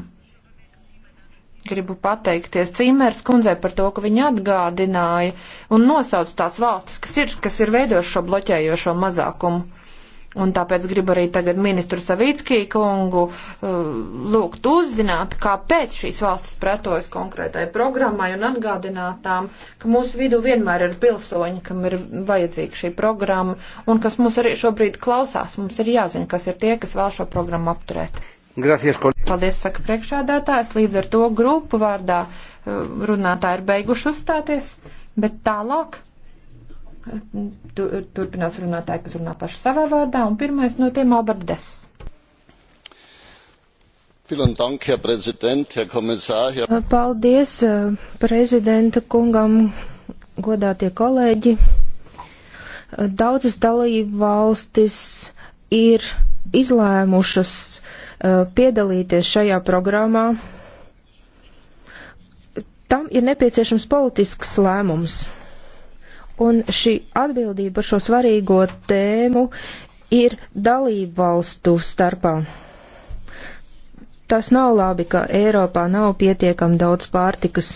Gribu pateikties Cīmērs kundzei par to, ka viņa atgādināja un nosauc tās valstis, kas ir, kas ir veidojuši šo bloķējošo mazākumu. Un tāpēc gribu arī tagad ministru Savīckī kungu uh, lūgt uzzināt, kāpēc šīs valstis pretojas konkrētai programmai un atgādināt tām, ka mūsu vidū vienmēr ir pilsoņi, kam ir vajadzīga šī programma un kas mūs arī šobrīd klausās. Mums ir jāzina, kas ir tie, kas vēl šo programmu apturēt. Gracias, kol... Paldies, saka priekšādātājs. Līdz ar to grupu vārdā uh, runātāji ir beiguši uzstāties, bet tālāk Turpinās runātāji, kas runā paši savā vārdā, un pirmais no tiem Albert Des. Dank, Herr Herr Kommissar, Herr... Paldies eh, prezidenta kungam, godātie kolēģi. Daudzas dalību valstis ir izlēmušas eh, piedalīties šajā programmā. Tam ir nepieciešams politisks lēmums un šī atbildība par šo svarīgo tēmu ir dalību valstu starpā. Tas nav labi, ka Eiropā nav pietiekami daudz pārtikas.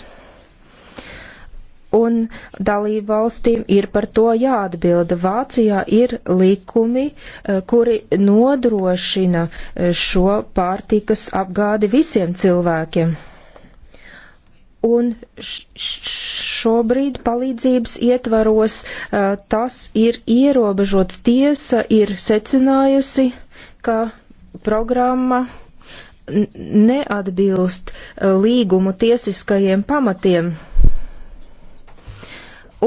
Un dalību valstīm ir par to jāatbilda. Vācijā ir likumi, eh, kuri nodrošina eh, šo pārtikas apgādi visiem cilvēkiem. Un šobrīd palīdzības ietvaros tas ir ierobežots. Tiesa ir secinājusi, ka programma neatbilst līgumu tiesiskajiem pamatiem.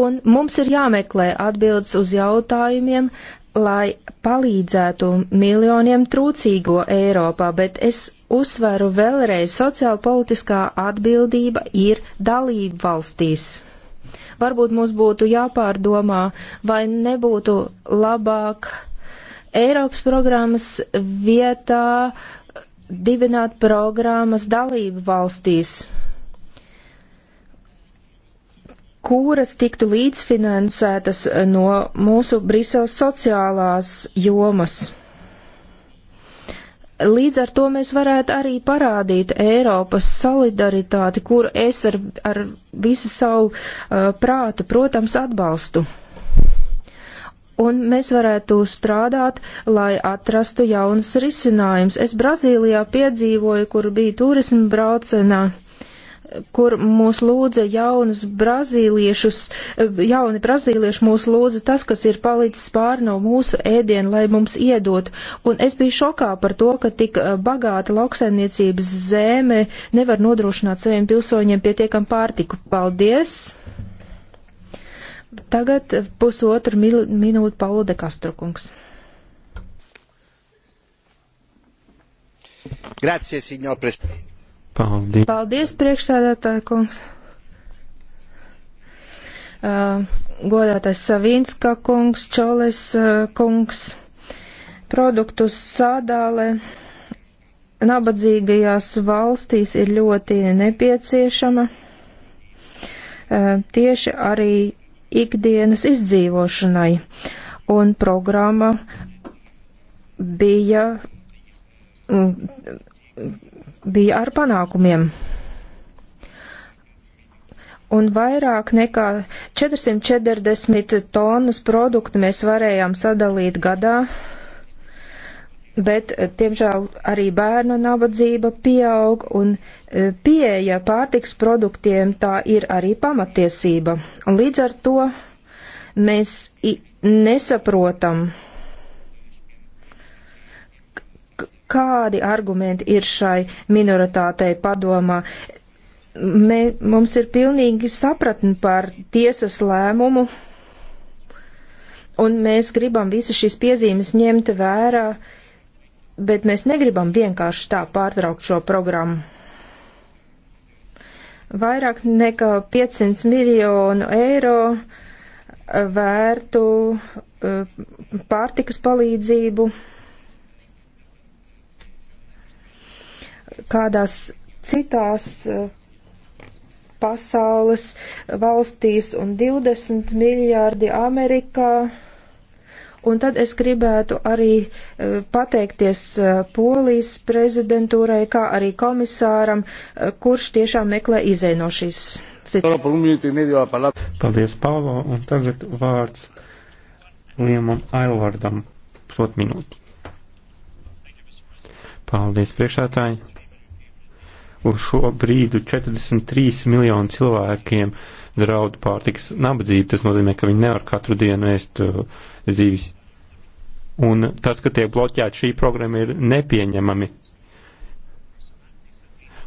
Un mums ir jāmeklē atbildes uz jautājumiem, lai palīdzētu miljoniem trūcīgo Eiropā, bet es uzsveru vēlreiz, sociāla politiskā atbildība ir dalība valstīs. Varbūt mums būtu jāpārdomā, vai nebūtu labāk Eiropas programmas vietā dibināt programmas dalību valstīs, kuras tiktu līdzfinansētas no mūsu Briseles sociālās jomas. Līdz ar to mēs varētu arī parādīt Eiropas solidaritāti, kur es ar, ar visu savu uh, prātu, protams, atbalstu. Un mēs varētu strādāt, lai atrastu jaunas risinājumus. Es Brazīlijā piedzīvoju, kur bija turismu braucienā kur mūs lūdza jaunus brazīliešus, jauni brazīlieši mūs lūdza tas, kas ir palicis pāri no mūsu ēdienu, lai mums iedot. Un es biju šokā par to, ka tik eh, bagāta lauksaimniecības zeme nevar nodrošināt saviem pilsoņiem pietiekam pārtiku. Paldies! Tagad pusotru minūtu Paulo de Kastrokungs. Grazie, signor Presidente. Paldies. Paldies, priekšstādātāja kungs. Uh, godātais Savinska kungs, Čoles uh, kungs, produktu sādāle nabadzīgajās valstīs ir ļoti nepieciešama tieši arī ikdienas izdzīvošanai. Un programma bija bija ar panākumiem. Un vairāk nekā 440 tonnas produktu mēs varējām sadalīt gadā, bet, eh, tiemžēl, arī bērnu nabadzība pieaug un eh, pieeja pārtiks produktiem tā ir arī pamatiesība. Un līdz ar to mēs nesaprotam, kādi argumenti ir šai minoritātei padomā. Mē, mums ir pilnīgi sapratni par tiesas lēmumu, un mēs gribam visas šīs piezīmes ņemt vērā, bet mēs negribam vienkārši tā pārtraukt šo programmu. Vairāk nekā 500 miljonu eiro vērtu eh, pārtikas palīdzību kādās citās uh, pasaules valstīs un 20 miljārdi Amerikā. Un tad es gribētu arī uh, pateikties uh, Polijas prezidentūrai, kā arī komisāram, kurš tiešām meklē izēju no šīs situācijas. Paldies, Pāvā, un tagad vārds Liemam Ailvardam, prot minūti. Paldies, priekšētāji uz šo brīdu 43 miljonu cilvēkiem draud pārtikas nabadzību. Tas nozīmē, ka viņi nevar katru dienu ēst uh, zīvis. Un tas, ka tiek bloķēta šī programma, ir nepieņemami.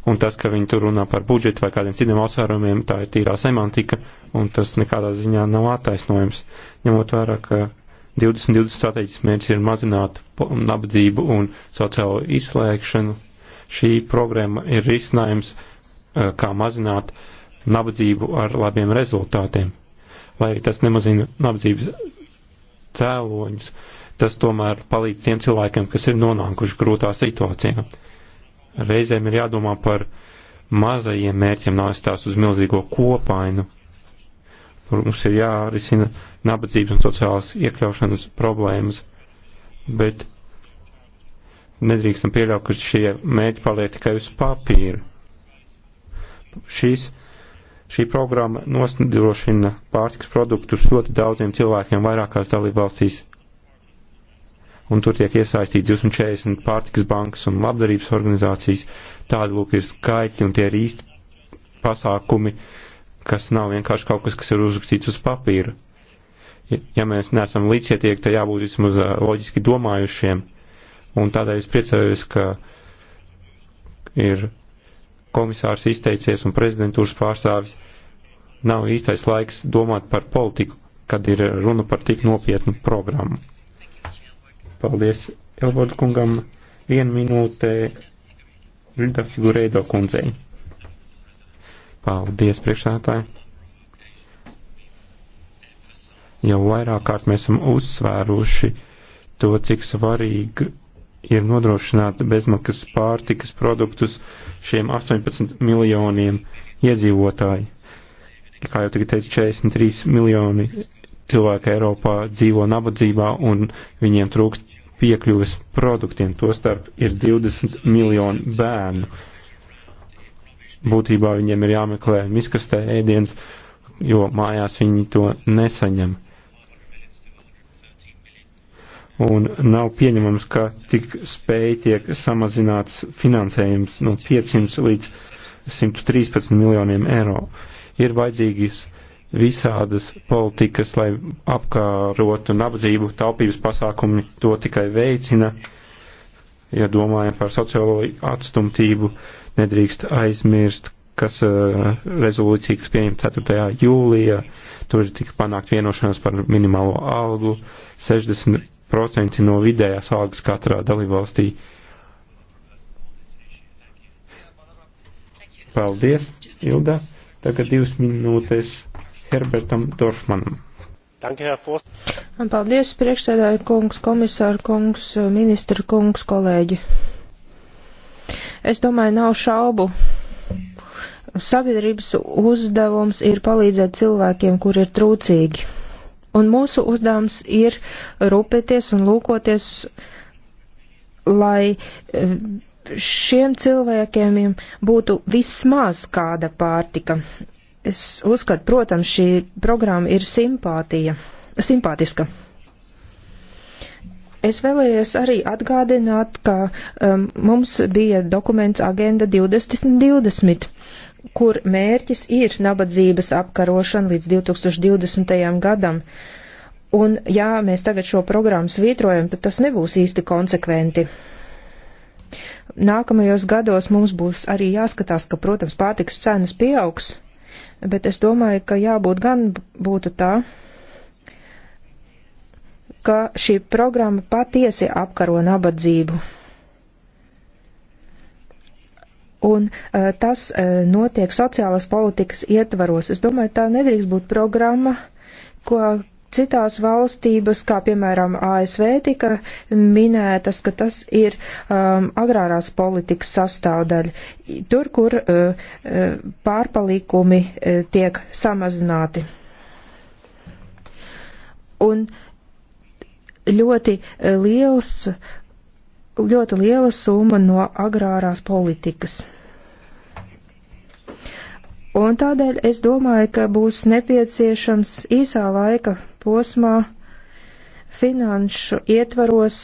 Un tas, ka viņi tur runā par budžetu vai kādiem citiem apsvērumiem, tā ir tīrā semantika, un tas nekādā ziņā nav attaisnojums, ņemot vērā, ka 2020 stratēģis mērķis ir mazināt nabadzību un sociālo izslēgšanu Šī programma ir risinājums, eh, kā mazināt nabadzību ar labiem rezultātiem. Lai arī tas nemazina nabadzības cēloņus, tas tomēr palīdz tiem cilvēkiem, kas ir nonākuši grūtā situācijā. Reizēm ir jādomā par mazajiem mērķiem, nāstās uz milzīgo kopainu. Tur mums ir jārisina nabadzības un sociālās iekļaušanas problēmas, bet Nedrīkstam pieļaut, ka šie mērķi paliek tikai uz papīra. Šīs, šī programma nosnodrošina pārtiks produktus ļoti daudziem cilvēkiem vairākās dalībvalstīs. Un tur tiek iesaistīti 240 pārtiks bankas un labdarības organizācijas. Tādi lūk ir skaitļi un tie ir īsti pasākumi, kas nav vienkārši kaut kas, kas ir uzrakstīts uz papīra. Ja mēs neesam līdzietieki, tad jābūt vismaz loģiski domājušiem. Un tādēļ es priecājos, ka ir komisārs izteicies un prezidentūras pārstāvis. Nav īstais laiks domāt par politiku, kad ir runa par tik nopietnu programmu. Paldies Elvord kungam. Vienu minūte Vilda Figureido kundzei. Paldies priekšētāji. Jau vairāk kārt mēs esam uzsvēruši to, cik svarīgi ir nodrošināt bezmaksas pārtikas produktus šiem 18 miljoniem iedzīvotāji. Kā jau tagad teicu, 43 miljoni cilvēku Eiropā dzīvo nabadzībā un viņiem trūkst piekļuves produktiem. Tostarp ir 20 miljoni bērnu. Būtībā viņiem ir jāmeklē miskastē ēdiens, jo mājās viņi to nesaņem Un nav pieņemams, ka tik spēj tiek samazināts finansējums no 500 līdz 113 miljoniem eiro. Ir vajadzīgas visādas politikas, lai apkārotu nabadzību, taupības pasākumi to tikai veicina. Ja domājam par sociālo atstumtību, nedrīkst aizmirst, kas uh, rezolūcija, kas pieņemta 4. jūlijā, tur ir tik panākt vienošanās par minimālo algu, 60 procenti no vidējās algas katrā dalībvalstī. Paldies, Ilda. Tagad divas minūtes Herbertam Dorfmanam. Paldies, priekšsēdāja kungs, komisāra kungs, ministra kungs, kolēģi. Es domāju, nav šaubu. Sabiedrības uzdevums ir palīdzēt cilvēkiem, kur ir trūcīgi Un mūsu uzdevums ir rūpēties un lūkoties, lai e, šiem cilvēkiem būtu vismaz kāda pārtika. Es uzskatu, protams, šī programma ir simpātija, simpātiska. Es vēlējos arī atgādināt, ka um, mums bija dokuments Agenda 2020 kur mērķis ir nabadzības apkarošana līdz 2020. gadam. Un ja mēs tagad šo programmu svītrojam, tad tas nebūs īsti konsekventi. Nākamajos gados mums būs arī jāskatās, ka, protams, pārtiks cenas pieaugs, bet es domāju, ka jābūt gan būtu tā, ka šī programma patiesi apkaro nabadzību un uh, tas uh, notiek sociālās politikas ietvaros. Es domāju, tā nedrīkst būt programma, ko citās valstības, kā piemēram ASV, tika minētas, ka tas ir um, agrārās politikas sastāvdaļa. Tur, kur uh, eh, uh, pārpalikumi uh, tiek samazināti. Un ļoti liels uh, ļoti liela summa no agrārās politikas. Un tādēļ es domāju, ka būs nepieciešams īsā laika posmā finanšu ietvaros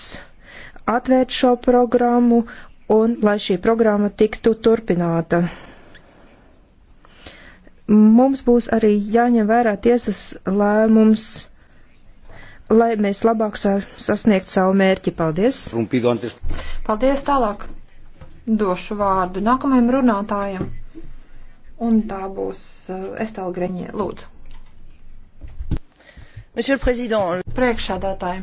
atvērt šo programmu un lai šī programma tiktu turpināta. Mums būs arī jāņem vērā tiesas lēmums lai mēs labāk sasniegtu savu mērķi. Paldies! Paldies tālāk! Došu vārdu nākamajam runātājam. Un tā būs uh, Estela Greņie. Lūdzu. Monsieur le Président. Priekšādātāji,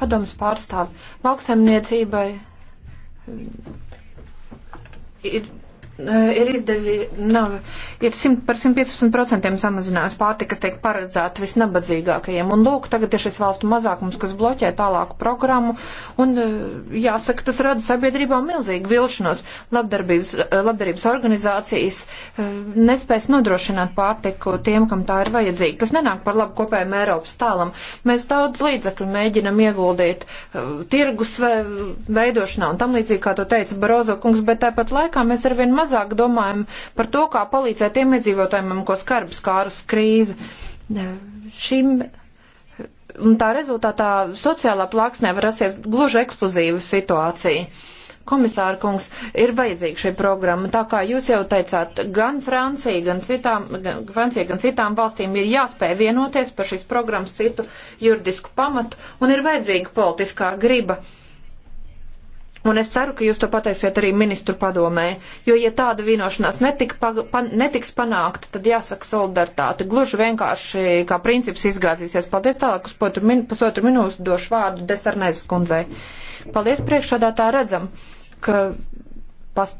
padomas pārstāvi, lauksaimniecībai mm, ir Eh, ir izdevi, nav, ir 100, par 115% samazinājums pārtika, kas tiek paredzēta visnabadzīgākajiem. Un lūk, tagad ir šis valstu mazākums, kas bloķē tālāku programmu. Un eh, jāsaka, tas rada sabiedrībā milzīgu vilšanos. Labdarības, eh, labdarības organizācijas nespēs nodrošināt pārtiku tiem, kam tā ir vajadzīga. Tas nenāk par labu kopējiem Eiropas tālam. Mēs daudz līdzekļu mēģinam ieguldīt tirgus veidošanā un tam līdzīgi, kā to teica Barozo kungs, bet tāpat laikā mēs arvien maz mazāk domājam par to, kā palīdzēt tiem iedzīvotājiem, ko skarbs kāras krīze. Šim un tā rezultātā sociālā plāksnē var rasties gluži eksplozīva situācija. Komisāra kungs, ir vajadzīga šī programma. Tā kā jūs jau teicāt, gan Francija, gan citām, gan, Francija, gan citām valstīm ir jāspēj vienoties par šīs programmas citu juridisku pamatu un ir vajadzīga politiskā griba. Uh, Un es ceru, ka jūs to pateiksiet arī ministru padomē, jo, ja tāda vienošanās netik, pa, netiks panākta, tad jāsaka solidaritāte. Gluži vienkārši kā princips izgāzīsies. Paldies tālāk uz min, pusotru minūtu došu vārdu Desarnēzes kundzei. Paldies priekšādā tā redzam, ka pas,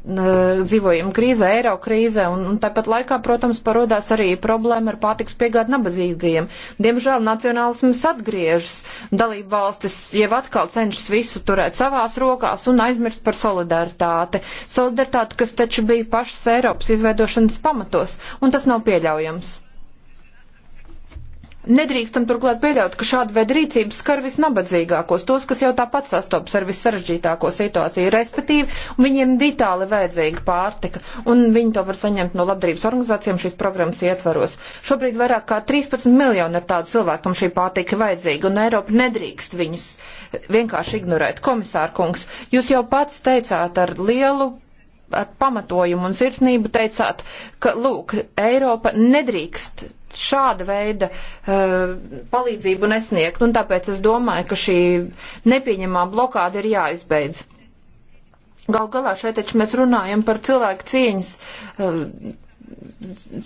dzīvojam krīzē, eiro krīzē, un, un tāpat laikā, protams, parodās arī problēma ar pārtiks piegādu nabadzīgajiem. Diemžēl nacionālisms atgriežas, dalību valstis jau atkal cenšas visu turēt savās rokās un aizmirst par solidaritāti. Solidaritāti, kas taču bija pašas Eiropas izveidošanas pamatos, un tas nav pieļaujams. Nedrīkstam turklāt pieļaut, ka šāda veida rīcības skar visnabadzīgākos, tos, kas jau tāpat sastopas ar vissarežģītāko situāciju, respektīvi, viņiem vitāli vajadzīga pārtika, un viņi to var saņemt no labdarības organizācijām šīs programmas ietvaros. Šobrīd vairāk kā 13 miljoni ir tādu cilvēku, kam šī pārtika vajadzīga, un Eiropa nedrīkst viņus vienkārši ignorēt. Komisārkungs, jūs jau pats teicāt ar lielu ar pamatojumu un sirsnību teicāt, ka, lūk, Eiropa nedrīkst šāda veida uh, palīdzību nesniegt, un tāpēc es domāju, ka šī nepieņemā blokāda ir jāizbeidz. Gal galā šeit taču mēs runājam par cilvēku cieņas, uh,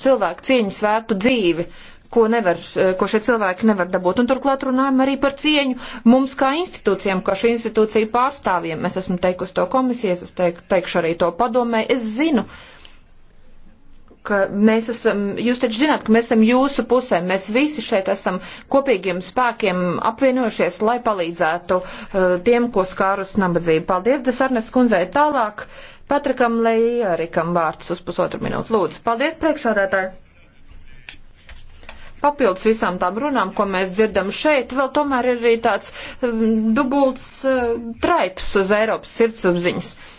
cilvēku cieņas vērtu dzīvi. Uh, ko, nevar, eh, ko šie cilvēki nevar dabūt. Un turklāt runājam arī par cieņu mums kā institūcijām, kā šī institūcija pārstāvjiem. Es esmu teikusi to komisijas, es teik, teikšu arī to padomē. Es zinu, ka mēs esam, jūs taču zināt, ka mēs esam jūsu pusē, mēs visi šeit esam kopīgiem spēkiem apvienojušies, lai palīdzētu uh, tiem, ko skārus nabadzību. Paldies, Desarnes kundzei, tālāk. Patrikam Leijārikam vārds uz pusotru minūtu. Lūdzu, paldies priekšādātāji! papildus visām tām runām, ko mēs dzirdam šeit, vēl tomēr ir arī tāds mm, dubults eh, traips uz Eiropas sirdsapziņas. Uh,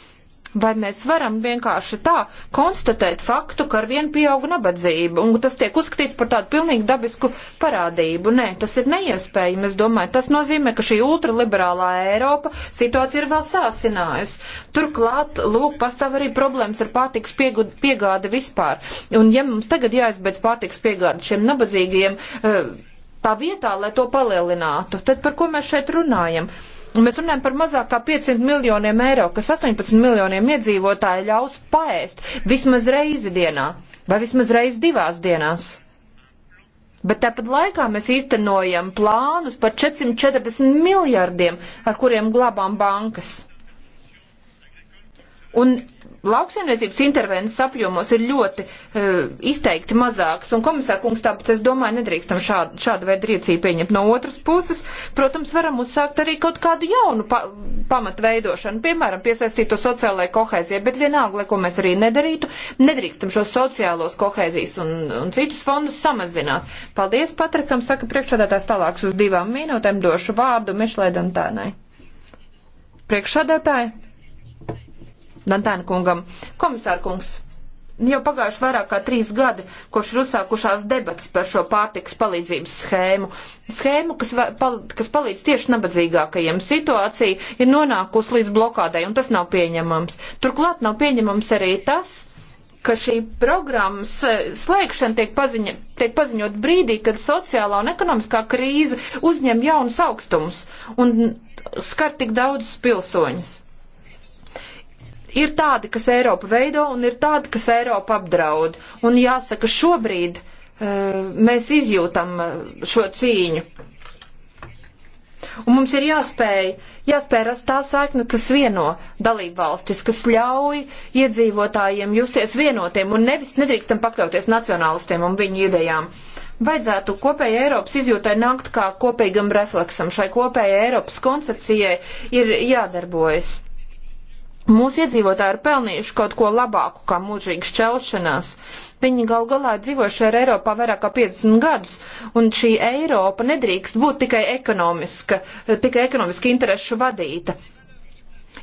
Vai mēs varam vienkārši tā konstatēt faktu, ka ar vienu pieauga nabadzība, un tas tiek uzskatīts par tādu pilnīgi dabisku parādību? Nē, tas ir neiespējami. Es domāju, tas nozīmē, ka šī ultraliberālā Eiropa situācija ir vēl sāsinājusi. Turklāt, lūk, pastāv arī problēmas ar pārtiks piegādi vispār. Un ja mums tagad jāizbeidz pārtiks piegādi šiem nabadzīgiem, eh, tā vietā, lai to palielinātu, tad par ko mēs šeit runājam? Un mēs runājam par mazāk kā 500 miljoniem eiro, kas 18 miljoniem iedzīvotāju ļaus paēst vismaz reizi dienā vai vismaz reizi divās dienās. Bet tāpat laikā mēs īstenojam plānus par 440 miljardiem, ar kuriem glabām bankas. Un lauksaimniecības intervences apjomos ir ļoti uh, izteikti mazāks, un komisārkungs tāpēc, es domāju, nedrīkstam šādu, šādu veidu rīcību pieņemt. No otras puses, protams, varam uzsākt arī kaut kādu jaunu pa pamatu veidošanu, piemēram, piesaistīto sociālajai kohēzijai, bet vienalga, lai ko mēs arī nedarītu, nedrīkstam šos sociālos kohēzijas un, un citus fondus samazināt. Paldies, Patrikam, saka priekšādātājs tālāks uz divām minūtēm došu vārdu Mišlēdantēnai. Priekšādātāji. Dantēna kungam. Komisāra kungs, jau pagājuši vairāk kā trīs gadi, kurš ir uzsākušās debats par šo pārtiks palīdzības schēmu. Schēmu, kas, pal kas palīdz tieši nabadzīgākajiem. Situācija ir nonākusi līdz blokādai, un tas nav pieņemams. Turklāt nav pieņemams arī tas, ka šī programmas e, slēgšana tiek, paziņa, tiek paziņot brīdī, kad sociālā un ekonomiskā krīze uzņem jaunus augstumus un skar tik daudzus pilsoņus. Ir tādi, kas Eiropu veido, un ir tādi, kas Eiropu apdraud. Un jāsaka, šobrīd uh, mēs izjūtam eh, šo cīņu. Un mums ir jāspēj, jāspēj rast tā saikne, kas vieno dalību valstis, kas ļauj iedzīvotājiem justies vienotiem un nevis nedrīkstam pakļauties nacionālistiem un viņu idejām. Vajadzētu kopējai Eiropas izjūtai nākt kā kopīgam refleksam. Šai kopējai Eiropas koncepcijai ir jādarbojas. Mūsu iedzīvotāji ir pelnījuši kaut ko labāku, kā mūžīga šķelšanās. Viņi gal galā dzīvojuši ar Eiropā vairāk kā 50 gadus, un šī Eiropa nedrīkst būt tikai ekonomiska, tikai ekonomiski interešu vadīta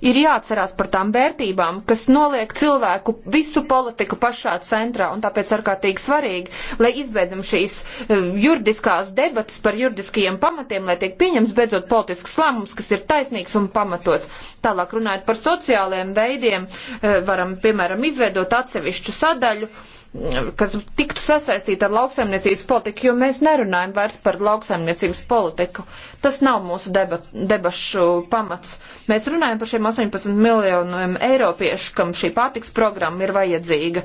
ir jāatcerās par tām vērtībām, kas noliek cilvēku visu politiku pašā centrā, un tāpēc ārkārtīgi svarīgi, lai izbeidzam šīs eh, juridiskās debatas par juridiskajiem pamatiem, lai tiek pieņems beidzot politisks lēmums, kas ir taisnīgs un pamatots. Tālāk runājot par sociālajiem veidiem, eh, varam, piemēram, izveidot atsevišķu sadaļu kas tiktu sasaistīta ar lauksaimniecības politiku, jo mēs nerunājam vairs par lauksaimniecības politiku. Tas nav mūsu deba, debašu pamats. Mēs runājam par šiem 18 miljoniem eiropiešu, kam šī pārtiks programma ir vajadzīga.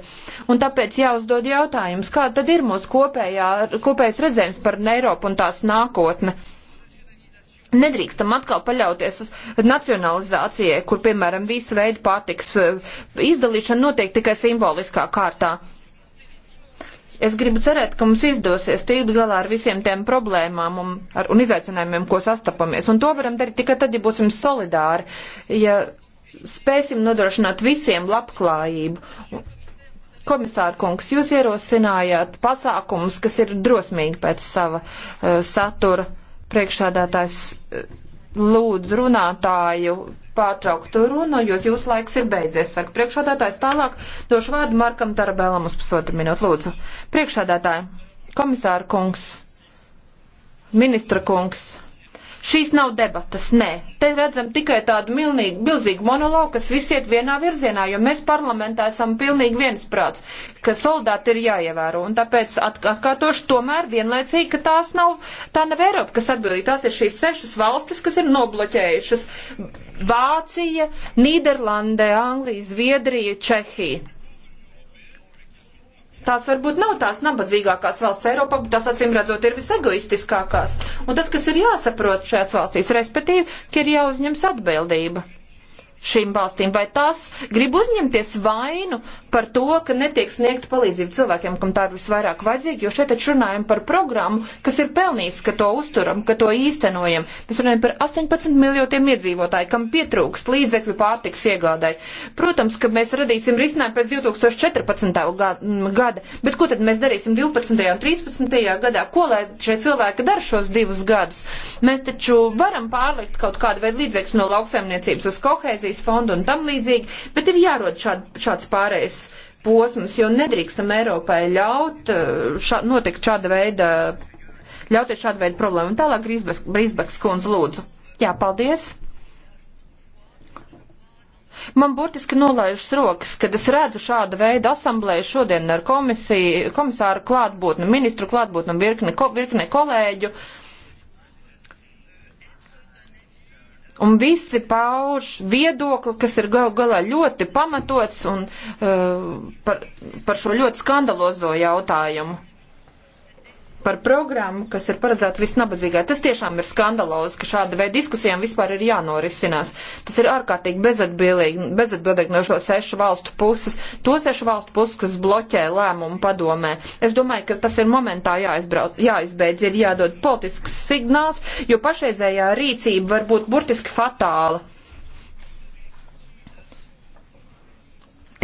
Un tāpēc jāuzdod jautājums, kā tad ir mūsu kopējā, kopējais redzējums par Eiropu un tās nākotni. Nedrīkstam atkal paļauties uz nacionalizācijai, kur, piemēram, visu veidu pārtiks eh, izdalīšana notiek tikai simboliskā kārtā. Es gribu cerēt, ka mums izdosies tikt galā ar visiem tiem problēmām un, ar, un izaicinājumiem, ko sastapamies. Un to varam darīt tikai tad, ja būsim solidāri, ja spēsim nodrošināt visiem labklājību. Komisāra kungs, jūs ierosinājāt pasākumus, kas ir drosmīgi pēc sava uh, satura priekšādātājs. Uh, lūdzu runātāju pārtraukt to runu, jo jūs laiks ir beidzies. Saka priekšādātājs tālāk, došu vārdu Markam Tarabēlam uz pusotru minūtu. Lūdzu, priekšādātāji, komisāra kungs, ministra kungs. Šīs nav debatas, nē. Te redzam tikai tādu milnīgu, milzīgu monologu, kas visi iet vienā virzienā, jo mēs parlamentā esam pilnīgi viensprāts, ka soldāti ir jāievēro. Un tāpēc atkārtošu tomēr vienlaicīgi, ka tās nav, tā nav Eiropa, kas atbildīja. Tās ir šīs sešas valstis, kas ir nobloķējušas. Vācija, Nīderlandē, Anglija, Zviedrija, Čehija. Tās varbūt nav tās nabadzīgākās valsts Eiropā, bet tās acīm redzot ir visegoistiskākās. Un tas, kas ir jāsaprot šajās valstīs, respektīvi, ka ir jāuzņems atbildība šīm valstīm, vai tās grib uzņemties vainu par to, ka netiek sniegta palīdzība cilvēkiem, kam tā ir visvairāk vajadzīga, jo šeit taču runājam par programmu, kas ir pelnījis, ka to uzturam, ka to īstenojam. Mēs runājam par 18 miljoniem iedzīvotāju, kam pietrūkst līdzekļu pārtiks iegādai. Protams, ka mēs radīsim risinājumu pēc 2014. gada, bet ko tad mēs darīsim 12. un 13. gadā? Ko lai šie cilvēki dara šos divus gadus? Mēs taču varam pārlikt kaut kādu veidu līdzekļus no lauksaimniecības uz kohēziju globalizācijas fondu un tam līdzīgi, bet ir jārod šād, šāds pārējais posms, jo nedrīkstam Eiropai ļaut eh, šā, notikt šāda veida, ļauties šāda veida problēma. Un tālāk Grīsbeks kundze lūdzu. Jā, paldies. Man burtiski nolaižas rokas, kad es redzu šāda veida asamblēju šodien ar komisiju, komisāru klātbūtni, ministru klātbūtni un virkni, ko, virkni kolēģu. Uh, Un visi pauž viedokli, kas ir gal galā ļoti pamatots un uh, par, par šo ļoti skandalozo jautājumu par programmu, kas ir paredzēta visnabadzīgai. Tas tiešām ir skandalozi, ka šāda veida diskusijām vispār ir jānorisinās. Tas ir ārkārtīgi bezatbildīgi, bezatbildīgi no šo sešu valstu puses, to sešu valstu puses, kas bloķē lēmumu padomē. Es domāju, ka tas ir momentā jāizbrauc, jāizbeidz, ir jādod politisks signāls, jo pašreizējā rīcība var būt burtiski fatāla.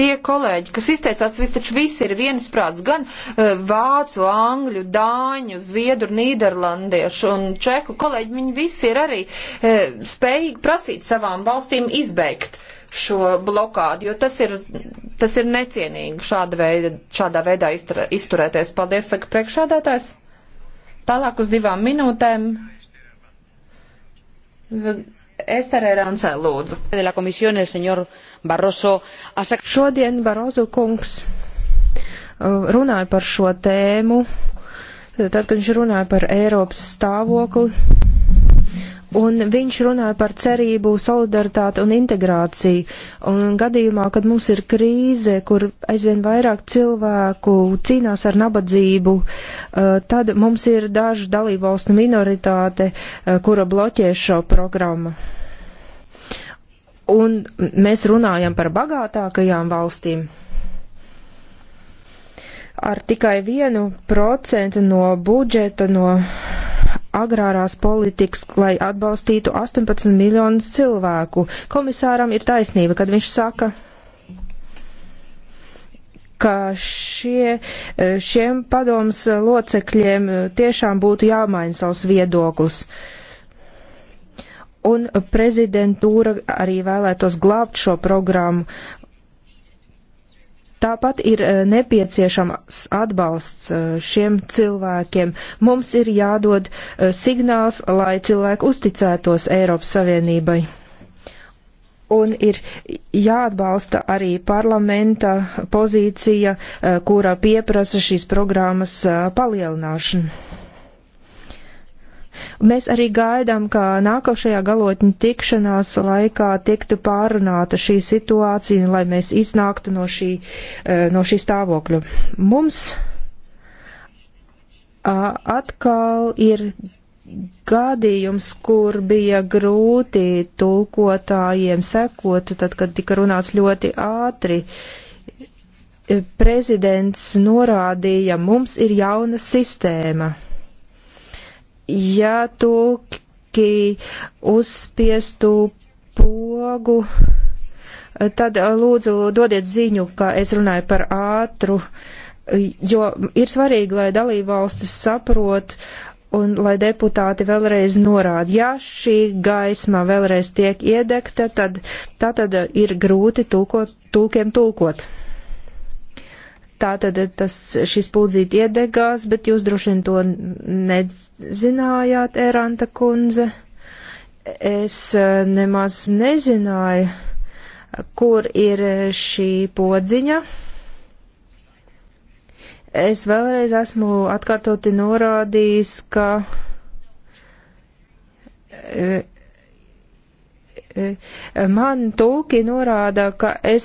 tie kolēģi, kas izteicās, vis taču visi ir viensprāts, gan uh, vācu, angļu, dāņu, zviedru, nīderlandiešu un čehu kolēģi, viņi visi ir arī uh, spējīgi prasīt savām valstīm izbeigt šo blokādu, jo tas ir, tas ir necienīgi šāda veida, šādā veidā izturē, izturēties. Paldies, saka priekšādātājs. Tālāk uz divām minūtēm. Estere Rancē, lūdzu. Šodien Barozu kungs uh, runāja par šo tēmu, tad, kad viņš runāja par Eiropas stāvokli un viņš runāja par cerību, solidaritāti un integrāciju. Un gadījumā, kad mums ir krīze, kur aizvien vairāk cilvēku cīnās ar nabadzību, eh, tad mums ir dažu dalībvalstu minoritāte, eh, kura bloķē šo programmu. Un mēs runājam par bagātākajām valstīm ar tikai vienu procentu no budžeta, no agrārās politikas, lai atbalstītu 18 miljonus cilvēku. Komisāram ir taisnība, kad viņš saka, ka šie, šiem padoms locekļiem tiešām būtu jāmaina savs viedoklis. Un prezidentūra arī vēlētos glābt šo programmu Tāpat ir eh, nepieciešams atbalsts eh, šiem cilvēkiem. Mums ir jādod eh, signāls, lai cilvēki uzticētos Eiropas Savienībai. Un ir jāatbalsta arī parlamenta pozīcija, kura pieprasa šīs programmas palielināšanu. Mēs arī gaidām, ka nākošajā galotņu tikšanās laikā tiktu pārunāta šī situācija, lai mēs iznāktu no šī, eh, no šī stāvokļa. Mums atkal ir gadījums, kur bija grūti tulkotājiem sekot, tad, kad tika runāts ļoti ātri. Prezidents norādīja, mums ir jauna sistēma ja tulki uzspiestu pogu, tad lūdzu dodiet ziņu, ka es runāju par ātru, jo ir svarīgi, lai dalībvalstis saprot, un lai deputāti vēlreiz norāda, ja šī gaisma vēlreiz tiek iedegta, tad tā tad ir grūti tulkot, tulkiem tulkot. Tātad tas, šis pūdzīt iedegās, bet jūs droši vien to nezinājāt, Eranta kundze. Es eh, nemaz nezināju, kur ir eh, šī podziņa. Es vēlreiz esmu atkārtoti norādījis, ka eh, Man tulki norāda, ka es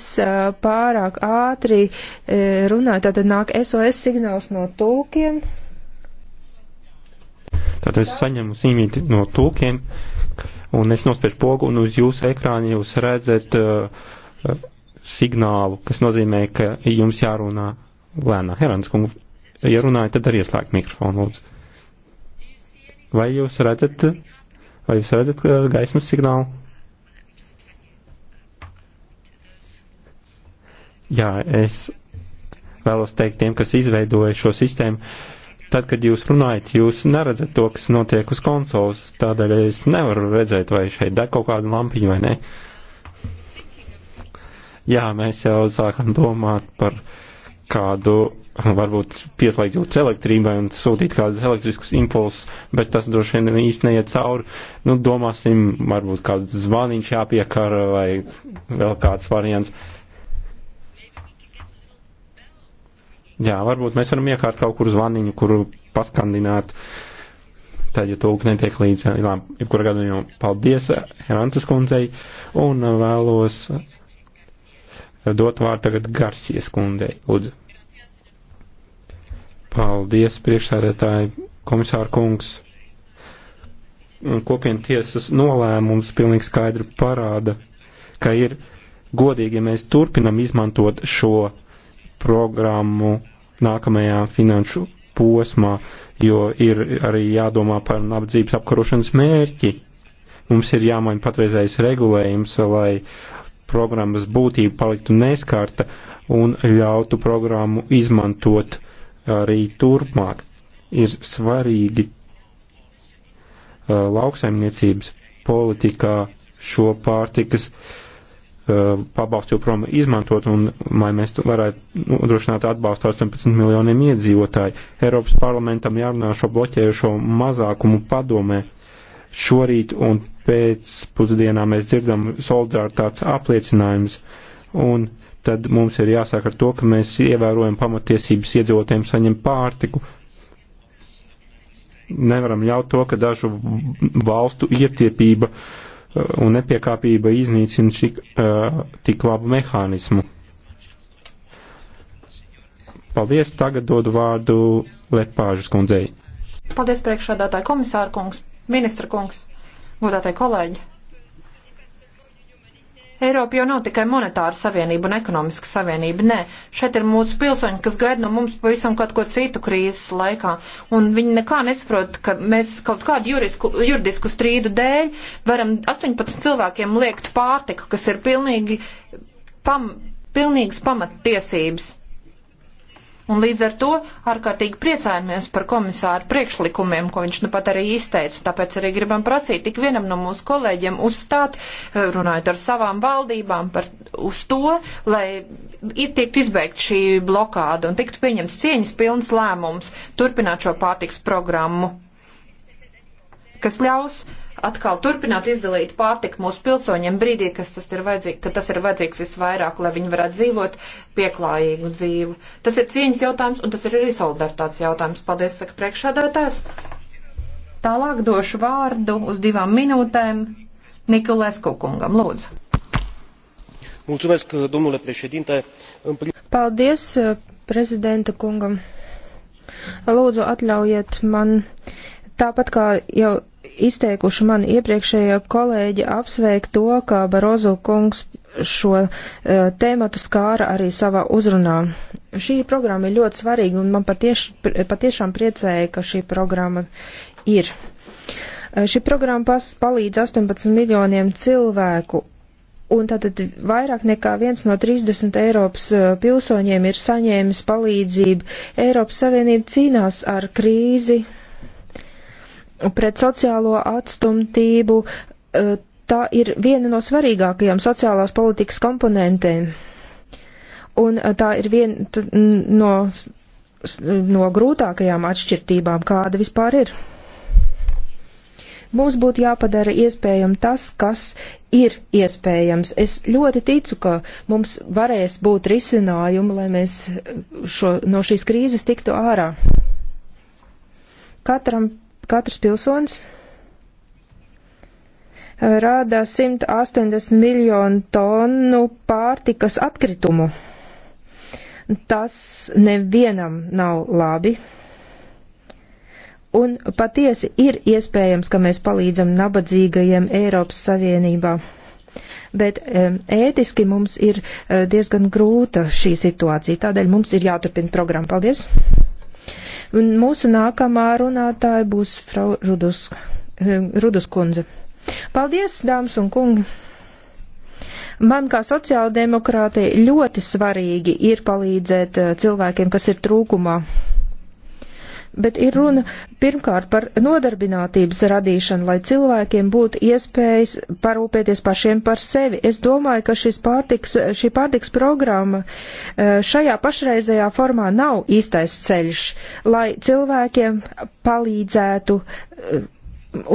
pārāk ātri runāju, tātad nāk SOS signāls no tulkiem. Tātad es saņemu zīmīti no tulkiem, un es nospiežu pogu, un uz jūsu ekrāna jūs redzat uh, signālu, kas nozīmē, ka jums jārunā lēnā. Herans, kungs, ja runājat, tad arī ieslēgt mikrofonu, lūdzu. Vai jūs redzat, vai jūs redzat gaismas signālu? Jā, es vēlos teikt tiem, kas izveidoja šo sistēmu, tad, kad jūs runājat, jūs neredzat to, kas notiek uz konsoles, tādēļ es nevaru redzēt, vai šeit deg kaut kāda lampiņa vai nē. Jā, mēs jau sākam domāt par kādu, varbūt pieslēgt jūtas elektrībai un sūtīt kādus elektriskus impulsus, bet tas droši vien īsti neiet cauri. Nu, domāsim, varbūt kāds zvaniņš jāpiekara vai vēl kāds variants. Uh, Jā, varbūt mēs varam iekārt kaut kur zvaniņu, kuru paskandināt, tad, ja tūk netiek līdz, labi, jebkurā gadījumā paldies Herantas kundzei un vēlos dot vārdu tagad Garsies kundzei. Lūdzu. Paldies, priekšsēdētāji, komisāra kungs. Kopienu tiesas nolēmums pilnīgi skaidri parāda, ka ir godīgi, ja mēs turpinam izmantot šo programmu nākamajā finanšu posmā, jo ir arī jādomā par nabadzības apkarošanas mērķi. Mums ir jāmaina patreizējais regulējums, lai programmas būtība paliktu neskarta un ļautu programmu izmantot arī turpmāk. Ir svarīgi uh, lauksaimniecības politikā šo pārtikas uh, Uh, pabalstu joprojām izmantot un lai mēs varētu nodrošināt atbalstu 18 miljoniem iedzīvotāju. Eiropas parlamentam jārunā šo bloķējušo mazākumu padomē šorīt un pēc pusdienā mēs dzirdam solidaritātes apliecinājumus un tad mums ir jāsāk ar to, ka mēs ievērojam pamatiesības iedzīvotājiem saņem pārtiku, nevaram ļaut to, ka dažu valstu ietiepība un nepiekāpība iznīcina šik, uh, tik labu mehānismu. Paldies, tagad dodu vārdu Lepāžas kundzei. Paldies, priekšādātāji komisāra kungs, ministra kungs, godātāji kolēģi. Eiropa jau nav tikai monetāra savienība un ekonomiska savienība, nē. Šeit ir mūsu pilsoņi, kas gaida no mums pavisam kaut ko citu krīzes laikā. Un viņi nekā nesaprot, ka mēs kaut kādu jurisku, juridisku strīdu dēļ varam 18 cilvēkiem liekt pārtiku, kas ir pilnīgi pam, pilnīgas pamattiesības. Un līdz ar to ārkārtīgi priecājamies par komisāru priekšlikumiem, ko viņš nu pat arī izteica. Tāpēc arī gribam prasīt tik vienam no mūsu kolēģiem uzstāt, eh, runājot ar savām valdībām, par, uz to, lai ir tiekt izbeigt šī blokāda un tiktu pieņems cieņas pilns lēmums turpināt šo pārtiks programmu, kas ļaus atkal turpināt izdalīt pārtiku mūsu pilsoņiem brīdī, kas tas ir vajadzīgs, ka tas ir vajadzīgs visvairāk, lai viņi varētu dzīvot pieklājīgu dzīvi. Tas ir cieņas jautājums un tas ir arī solidaritātes jautājums. Paldies, saka priekšādātājs. Tālāk došu vārdu uz divām minūtēm Nikolēsku kungam, lūdzu. Mulțumesc, domnule președinte. Paldies prezidenta kungam. Lūdzu, atļaujiet man Tāpat kā jau izteikuši mani iepriekšējie kolēģi, apsveikt to, ka Barozu kungs šo uh, tēmatu skāra arī savā uzrunā. Šī programma ir ļoti svarīga un man patieš, patiešām priecēja, ka šī programma ir. Uh, šī programma pas, palīdz 18 miljoniem cilvēku Un tātad vairāk nekā viens no 30 Eiropas eh, pilsoņiem ir saņēmis palīdzību. Eiropas Savienība cīnās ar krīzi, pret sociālo atstumtību. E, tā ir viena no svarīgākajām sociālās politikas komponentēm. Un e, tā ir viena no, no grūtākajām atšķirtībām, kāda vispār ir. Mums būtu jāpadara iespējami tas, kas ir iespējams. Es ļoti ticu, ka mums varēs būt risinājumi, lai mēs šo, no šīs krīzes tiktu ārā. Katram katrs pilsonis eh, rada 180 miljonu tonu pārtikas atkritumu. Tas nevienam nav labi. Un patiesi ir iespējams, ka mēs palīdzam nabadzīgajiem Eiropas Savienībā. Bet ētiski mums ir eh, diezgan grūta šī situācija, tādēļ mums ir jāturpina programma. Paldies! Un mūsu nākamā runātāja būs Frau Rudus, eh, Rudus kundze. Paldies, dāmas un kungi! Man kā sociāldemokrātei ļoti svarīgi ir palīdzēt eh, cilvēkiem, kas ir trūkumā bet ir runa pirmkārt par nodarbinātības radīšanu, lai cilvēkiem būtu iespējas parūpēties pašiem par sevi. Es domāju, ka šis pārtiks, šī pārtiks programma e, šajā pašreizējā formā nav īstais ceļš, lai cilvēkiem palīdzētu e,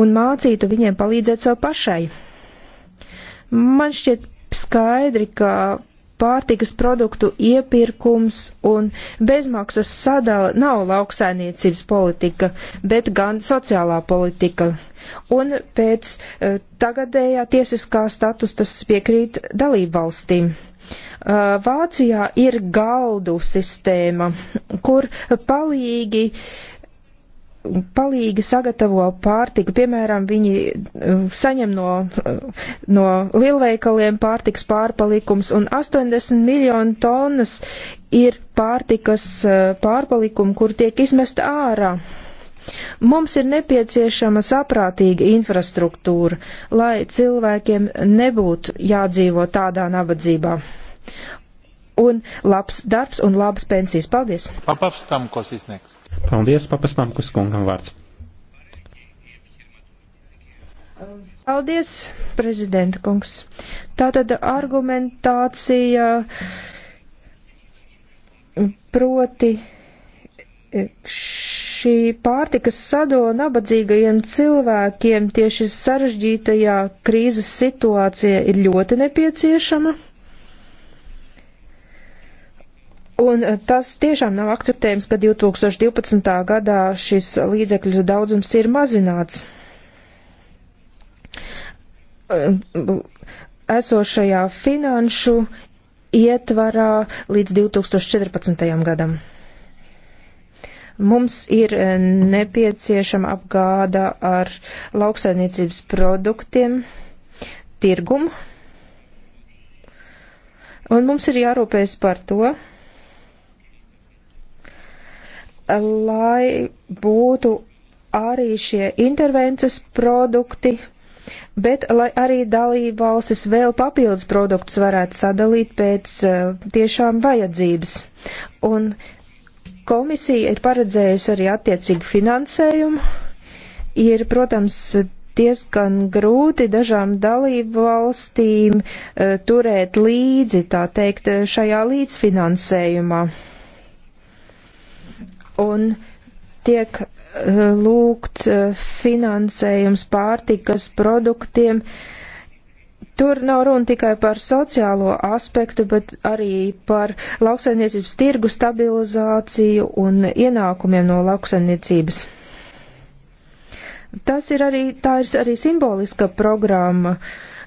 un mācītu viņiem palīdzēt sev pašai. Man šķiet skaidri, ka pārtikas produktu iepirkums un bezmaksas sadala nav lauksainiecības politika, bet gan sociālā politika. Un pēc uh, tagadējā tiesiskā status tas piekrīt dalību valstīm. Uh, e, Vācijā ir galdu sistēma, kur palīgi uh, palīgi sagatavo pārtiku. Piemēram, viņi uh, saņem no, uh, no lielveikaliem pārtiks pārpalikums un 80 miljonu tonnas ir pārtikas uh, pārpalikumu, kur tiek izmesta ārā. Mums ir nepieciešama saprātīga infrastruktūra, lai cilvēkiem nebūtu jādzīvo tādā nabadzībā. Un labs darbs un labas pensijas. Paldies! Papavstam, kas izniegs. Paldies, papastāmkus kungam vārds. Paldies, prezidenta kungs. Tātad argumentācija proti šī pārtikas sadala nabadzīgajiem cilvēkiem tieši sarežģītajā krīzes situācijā ir ļoti nepieciešama. Un eh, tas tiešām nav akceptējams, ka 2012. gadā šis līdzekļu daudzums ir mazināts. Eh, esošajā finanšu ietvarā līdz 2014. gadam. Mums ir eh, nepieciešama apgāda ar lauksainiecības produktiem, tirgumu, un mums ir jārūpējas par to, lai būtu arī šie intervences produkti, bet lai arī dalība valstis vēl papildus produktus varētu sadalīt pēc uh, tiešām vajadzības. Un komisija ir paredzējusi arī attiecīgu finansējumu. Ir, protams, diezgan grūti dažām dalību valstīm uh, turēt līdzi, tā teikt, eh, šajā līdzfinansējumā. Uh, un tiek eh, lūgts eh, finansējums pārtikas produktiem. Tur nav runa tikai par sociālo aspektu, bet arī par lauksainiecības tirgu stabilizāciju un ienākumiem no lauksainiecības. Tas ir arī, tā ir arī simboliska programma,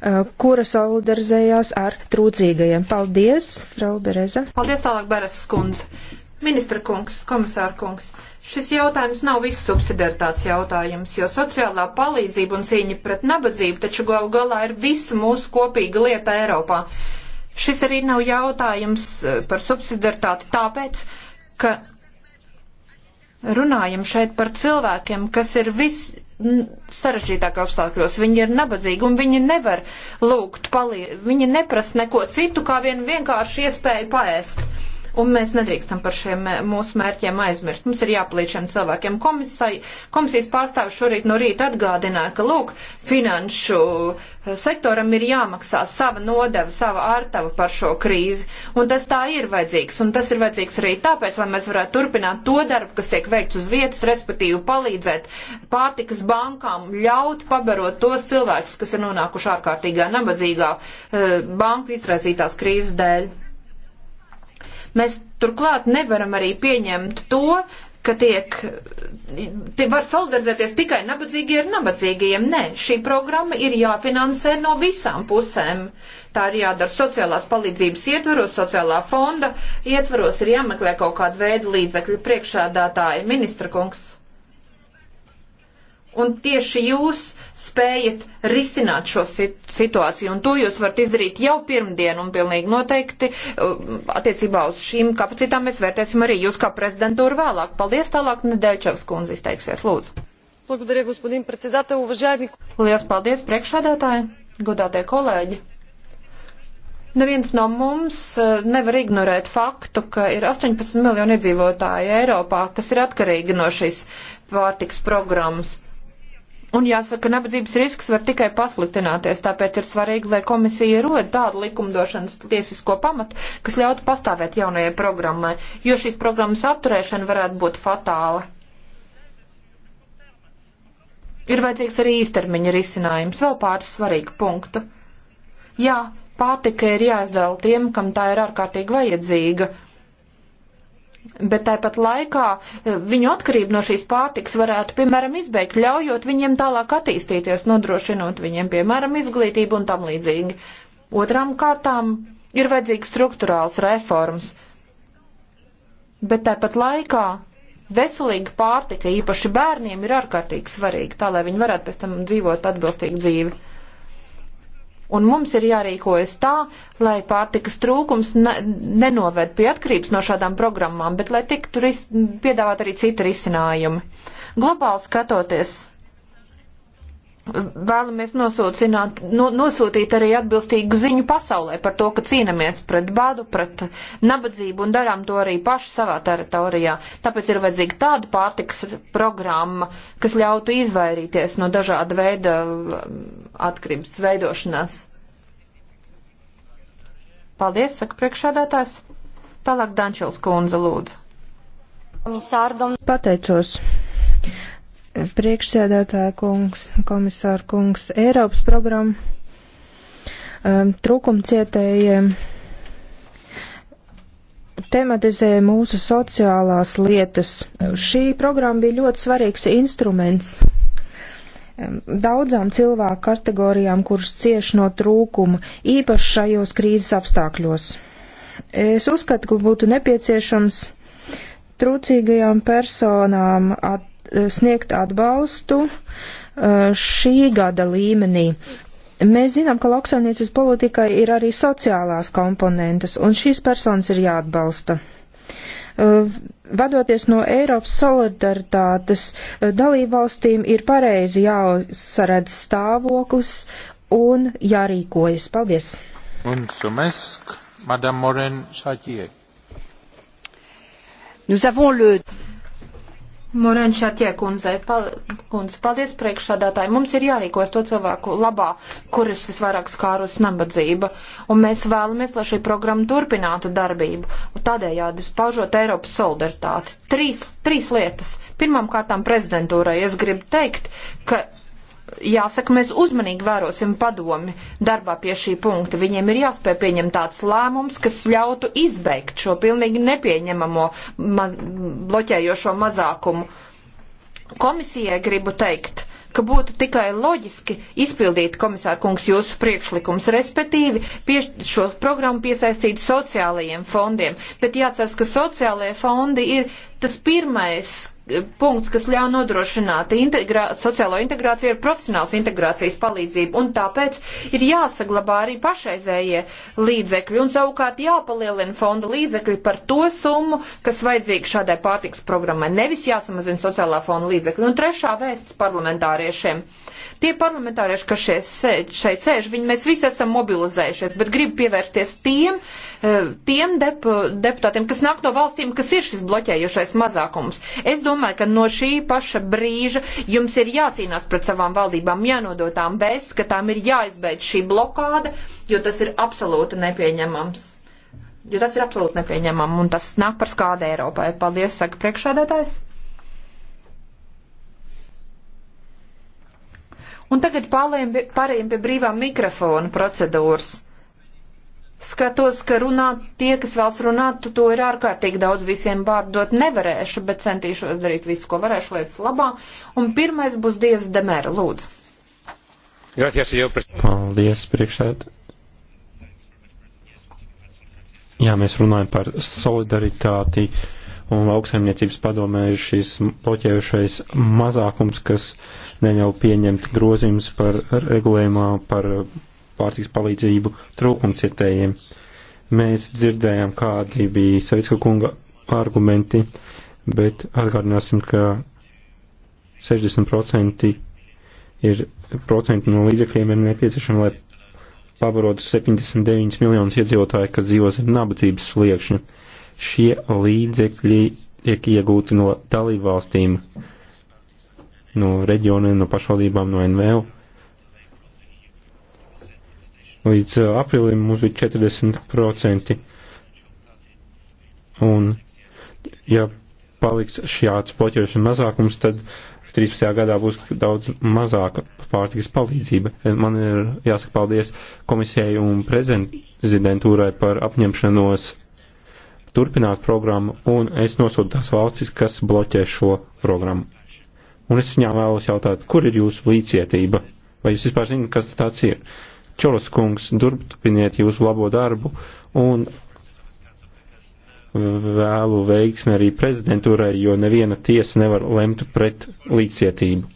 eh, kura solidarizējās ar trūcīgajiem. Paldies, Frau Bereza. Paldies tālāk, Beres skundze. Ministra kungs, komisāra kungs, šis jautājums nav viss subsidiaritāts jautājums, jo sociālā palīdzība un cīņa pret nabadzību taču galu galā ir visa mūsu kopīga lieta Eiropā. Šis arī nav jautājums eh, par subsidiaritāti tāpēc, ka runājam šeit par cilvēkiem, kas ir viss sarežģītāk apstākļos. Viņi ir nabadzīgi un viņi nevar lūgt palīdzību. Viņi neprasa neko citu, kā vien vienkārši iespēju paēst un mēs nedrīkstam par šiem eh, mūsu mērķiem aizmirst. Mums ir jāpalīdz šiem cilvēkiem. Komisai, komisijas pārstāvis šorīt no rīta atgādināja, ka, lūk, finanšu eh, sektoram ir jāmaksā sava nodeva, sava ārtava par šo krīzi, un tas tā ir vajadzīgs, un tas ir vajadzīgs arī tāpēc, lai mēs varētu turpināt to darbu, kas tiek veikts uz vietas, respektīvi palīdzēt pārtikas bankām, ļaut pabarot tos cilvēkus, kas ir nonākuši ārkārtīgā nabadzīgā eh, banku izraisītās krīzes dēļ. Mēs turklāt nevaram arī pieņemt to, ka tiek, tie var solidarizēties tikai nabadzīgie ar nabadzīgajiem. Nē, šī programma ir jāfinansē no visām pusēm. Tā ir jādara sociālās palīdzības ietvaros, sociālā fonda ietvaros, ir jāmeklē kaut kāda veida līdzekļu priekšādātāja ministra kungs. Un tieši jūs spējat risināt šo situāciju, un to jūs varat izdarīt jau pirmdien, un pilnīgi noteikti uh, attiecībā uz šīm kapacitām mēs vērtēsim arī jūs kā prezidentūru vēlāk. Paldies tālāk, Nedēļčevs kundze izteiksies, lūdzu. Благодаря, господин председател, уважаеми... Lielas paldies, priekšsēdētāji, godātie kolēģi. Neviens no mums uh, nevar ignorēt faktu, ka ir 18 miljoni iedzīvotāji Eiropā, kas ir atkarīgi no šīs pārtiks programmas. Un jāsaka, nabadzības risks var tikai pasliktināties, tāpēc ir svarīgi, lai komisija rod tādu likumdošanas tiesisko pamatu, kas ļautu pastāvēt jaunajai programmai, jo šīs programmas apturēšana varētu būt fatāla. Ir vajadzīgs arī īstermiņa risinājums, vēl pāris svarīgu punktu. Jā, pārtika ir jāizdala tiem, kam tā ir ārkārtīgi vajadzīga Bet tāpat laikā e, viņu atkarību no šīs pārtiks varētu, piemēram, izbeigt, ļaujot viņiem tālāk attīstīties, nodrošinot viņiem, piemēram, izglītību un tam līdzīgi. Otrām kārtām ir vajadzīgs struktūrāls reformas. Bet tāpat laikā veselīga pārtika, īpaši bērniem, ir ārkārtīgi svarīga, tā lai viņi varētu pēc tam dzīvot atbilstīgu dzīvi. Un mums ir jārīkojas tā, lai pārtikas trūkums ne, nenoved pie atkarības no šādām programmām, bet lai tiktu piedāvāt arī citi risinājumi. Globāli skatoties, vēlamies nosūcināt, no, nosūtīt arī atbilstīgu ziņu pasaulē par to, ka cīnamies pret badu, pret nabadzību un darām to arī paši savā teritorijā. Tāpēc ir vajadzīga tāda pārtiks programma, kas ļautu izvairīties no dažāda veida um, atkarības veidošanās. Paldies, saka priekšādātājs. Tālāk Dančils kundze lūdzu. Pateicos priekšsēdētāja kungs, komisāra kungs, Eiropas programma um, trūkumcietējiem tematizē mūsu sociālās lietas. Šī programma bija ļoti svarīgs instruments um, daudzām cilvēku kategorijām, kuras cieši no trūkuma, īpaši šajos krīzes apstākļos. Es uzskatu, ka būtu nepieciešams trūcīgajām personām at sniegt atbalstu uh, šī gada līmenī. Mēs zinām, ka lauksaimniecības politikai ir arī sociālās komponentes, un šīs personas ir jāatbalsta. Uh, vadoties no Eiropas solidaritātes, uh, dalībvalstīm ir pareizi jāsaredz stāvoklis un jārīkojas. Paldies! Mulțumesc, Madame Moren Chartier. Nous avons le Morēn Šarķē kundze, kundze, paldies priekšsādātāji. Mums ir jārīkos to cilvēku labā, kurus visvairāk skārus nabadzība, un mēs vēlamies, lai šī programma turpinātu darbību, un tādējādi spaužot Eiropas solidaritāti. Trīs, trīs lietas. Pirmām kārtām prezidentūrai es gribu teikt, ka jāsaka, mēs uzmanīgi vērosim padomi darbā pie šī punkta. Viņiem ir jāspēj pieņemt tāds lēmums, kas ļautu izbeigt šo pilnīgi nepieņemamo ma bloķējošo mazākumu. Komisijai gribu teikt, ka būtu tikai loģiski izpildīt komisāra kungs jūsu priekšlikums, respektīvi pieš, šo programmu piesaistīt sociālajiem fondiem, bet jāatcerās, ka sociālajie fondi ir tas pirmais, punkts, kas ļauj nodrošināt integrā, sociālo integrāciju ar profesionāls integrācijas palīdzību, un tāpēc ir jāsaglabā arī pašreizējie līdzekļi, un savukārt jāpalielina fonda līdzekļi par to summu, kas vajadzīga šādai pārtiks programmai, nevis jāsamazina sociālā fonda līdzekļi. Un trešā vēsts parlamentāriešiem. Tie parlamentārieši, kas šeit sēž, šeit sēž viņi mēs visi esam mobilizējušies, bet gribu pievērsties tiem, uh, Eh, tiem depu, deputātiem, kas nāk no valstīm, kas ir šis bloķējušais mazākums. Es domāju, ka no šī paša brīža jums ir jācīnās pret savām valdībām, jānodotām bez, ka tām ir jāizbeidz šī blokāda, jo tas ir absolūti nepieņemams. Jo tas ir absolūti nepieņemami, un tas nāk par skādu Eiropai. Paldies, saka priekšādātājs. Un tagad pārējiem pie brīvā mikrofona procedūras. Skatos, ka runāt tie, kas vēlas runāt, to ir ārkārtīgi daudz visiem vārdu dot nevarēšu, bet centīšos darīt visu, ko varēšu lietas labā. Un pirmais būs Dievs Demēra, lūdzu. Gracias, jau pres... Paldies, priekšēd. Jā, mēs runājam par solidaritāti un lauksaimniecības padomē ir šis bloķējušais mazākums, kas neļauj pieņemt grozījums par regulējumā par pārtiks palīdzību trūkumcietējiem. Mēs dzirdējām, kādi bija Saviska kunga argumenti, bet atgādināsim, ka 60% ir procenti no līdzekļiem ir nepieciešami, lai pabarotu 79 miljonus iedzīvotāju, kas dzīvo zem nabadzības sliekšņa. Šie līdzekļi tiek iegūti no dalībvalstīm, no reģioniem, no pašvaldībām, no NVO Līdz aprīlim mums bija 40%. Un, ja paliks šāds bloķēšana mazākums, tad 13. gadā būs daudz mazāka pārtikas palīdzība. Man ir jāsaka paldies komisijai un prezidentūrai par apņemšanos turpināt programmu, un es nosūtu tās valstis, kas bloķē šo programmu. Un es viņām vēlos jautāt, kur ir jūsu līdzietība? Vai jūs vispār zināt, kas tas tāds ir? Uh, Čolas kungs, turpiniet jūsu labo darbu un vēlu veiksmi arī prezidentūrai, jo neviena tiesa nevar lemt pret līdzcietību.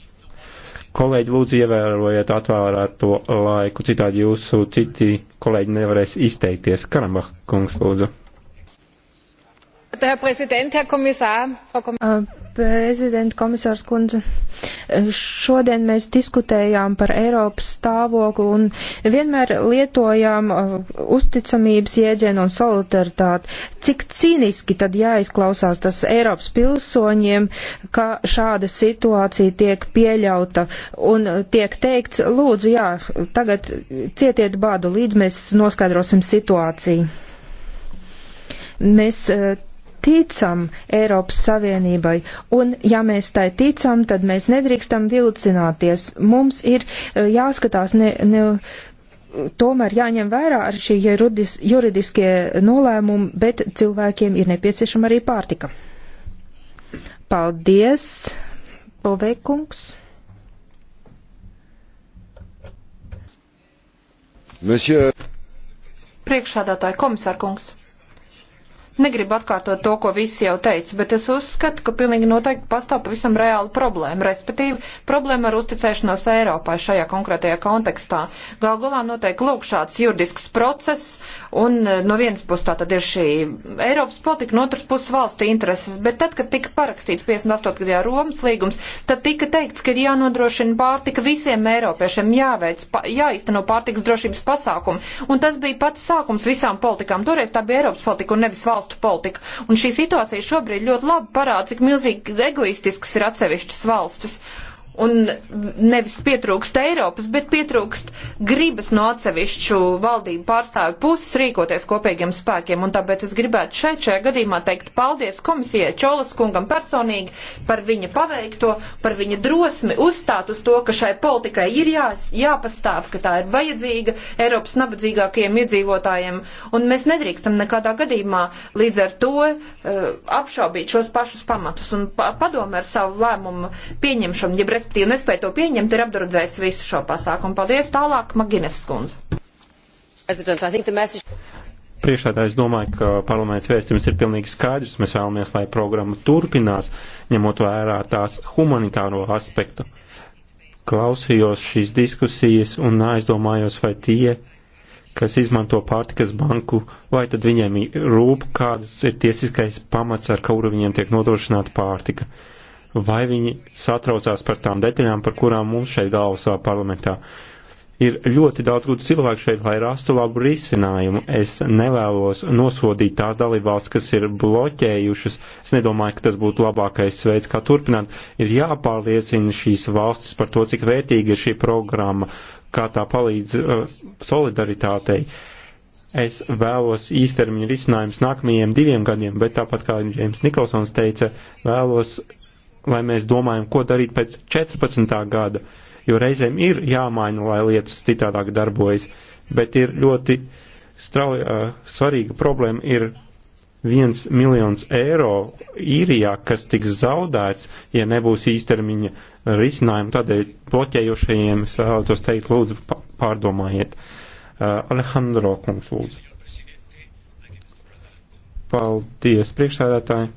Kolēģi, lūdzu, ievērojiet atvērto laiku, citādi jūsu citi kolēģi nevarēs izteikties. Karambah kungs, lūdzu. Herr Präsident, Herr Kommissar, Frau Kommissarin. Uh. Äh, Prezidenta komisārs kundze, šodien mēs diskutējām par Eiropas stāvokli un vienmēr lietojām uh, uzticamības jēdzienu un solidaritāti. Cik cīniski tad jāizklausās tas Eiropas pilsoņiem, ka šāda situācija tiek pieļauta un tiek teikts, lūdzu, jā, tagad cietiet bādu, līdz mēs noskaidrosim situāciju. Mēs uh, ticam Eiropas Savienībai, un ja mēs tai ticam, tad mēs nedrīkstam vilcināties. Mums ir eh, jāskatās ne. ne Tomēr jāņem vērā arī šie juridis, juridiskie nolēmumi, bet cilvēkiem ir nepieciešama arī pārtika. Paldies, Poveikungs. Monsieur. Priekšādātāja komisārkungs. Negribu atkārtot to, ko visi jau teica, bet es uzskatu, ka pilnīgi noteikti pastāv pavisam reāla problēma, respektīvi problēma ar uzticēšanos Eiropā šajā konkrētajā kontekstā. Galgulā notiek lūk šāds juridisks process, un e, no vienas puses tā tad ir šī Eiropas politika, no otras puses valstu intereses, bet tad, kad tika parakstīts 58. gadā Romas līgums, tad tika teikts, ka ir jānodrošina pārtika visiem eiropiešiem, jāveic, pa, jāizteno pārtikas drošības pasākumi, un tas bija pats sākums visām politikām. Toreiz tā bija Eiropas politika un nevis valsts valstu politika. Un šī situācija šobrīd ļoti labi parāda, cik milzīgi egoistisks ir atsevišķas valstis. Uh, un nevis pietrūkst Eiropas, bet pietrūkst gribas no atsevišķu valdību pārstāvju puses rīkoties kopīgiem spēkiem. Un tāpēc es gribētu šeit šajā gadījumā teikt paldies komisijai Čolas kungam personīgi par viņa paveikto, par viņa drosmi uzstāt uz to, ka šai politikai ir jā, jāpastāv, ka tā ir vajadzīga Eiropas nabadzīgākajiem iedzīvotājiem. Un mēs nedrīkstam nekādā gadījumā līdz ar to uh, apšaubīt šos pašus pamatus. Un pa padomē ar savu lēmumu pieņemšanu, jeb respektīvi nespēja to pieņemt, ir apdraudējis visu šo pasākumu. Paldies tālāk, Magines skundze. Priekšādā es domāju, ka parlaments vēstījums ir pilnīgi skaidrs. Mēs vēlamies, lai programma turpinās, ņemot vērā tās humanitāro aspektu. Klausījos šīs diskusijas un aizdomājos, vai tie, kas izmanto pārtikas banku, vai tad viņiem rūp, kādas ir tiesiskais pamats, ar kuru viņiem tiek nodrošināta pārtika. Uh, vai viņi satraucās par tām detaļām, par kurām mums šeit galvasā parlamentā. Ir ļoti daudz gudru cilvēku šeit, lai rastu labu risinājumu. Es nevēlos nosodīt tās dalībvalsts, kas ir bloķējušas. Es nedomāju, ka tas būtu labākais veids, kā turpināt. Ir jāpārliecina šīs valstis par to, cik vērtīga ir šī programma, kā tā palīdz uh, solidaritātei. Uh, es vēlos īstermiņa risinājums nākamajiem diviem gadiem, bet tāpat kā Džeims Nikolsons teica, vēlos vai mēs domājam, ko darīt pēc 14. gada, jo reizēm ir jāmaina, lai lietas citādāk darbojas, bet ir ļoti strauja, svarīga problēma ir viens miljons eiro īrijā, kas tiks zaudēts, ja nebūs īstermiņa risinājumu, tādēļ bloķējošajiem es vēlētos teikt, lūdzu, pārdomājiet. Alejandro kungs, lūdzu. Paldies, priekšsēdētāji.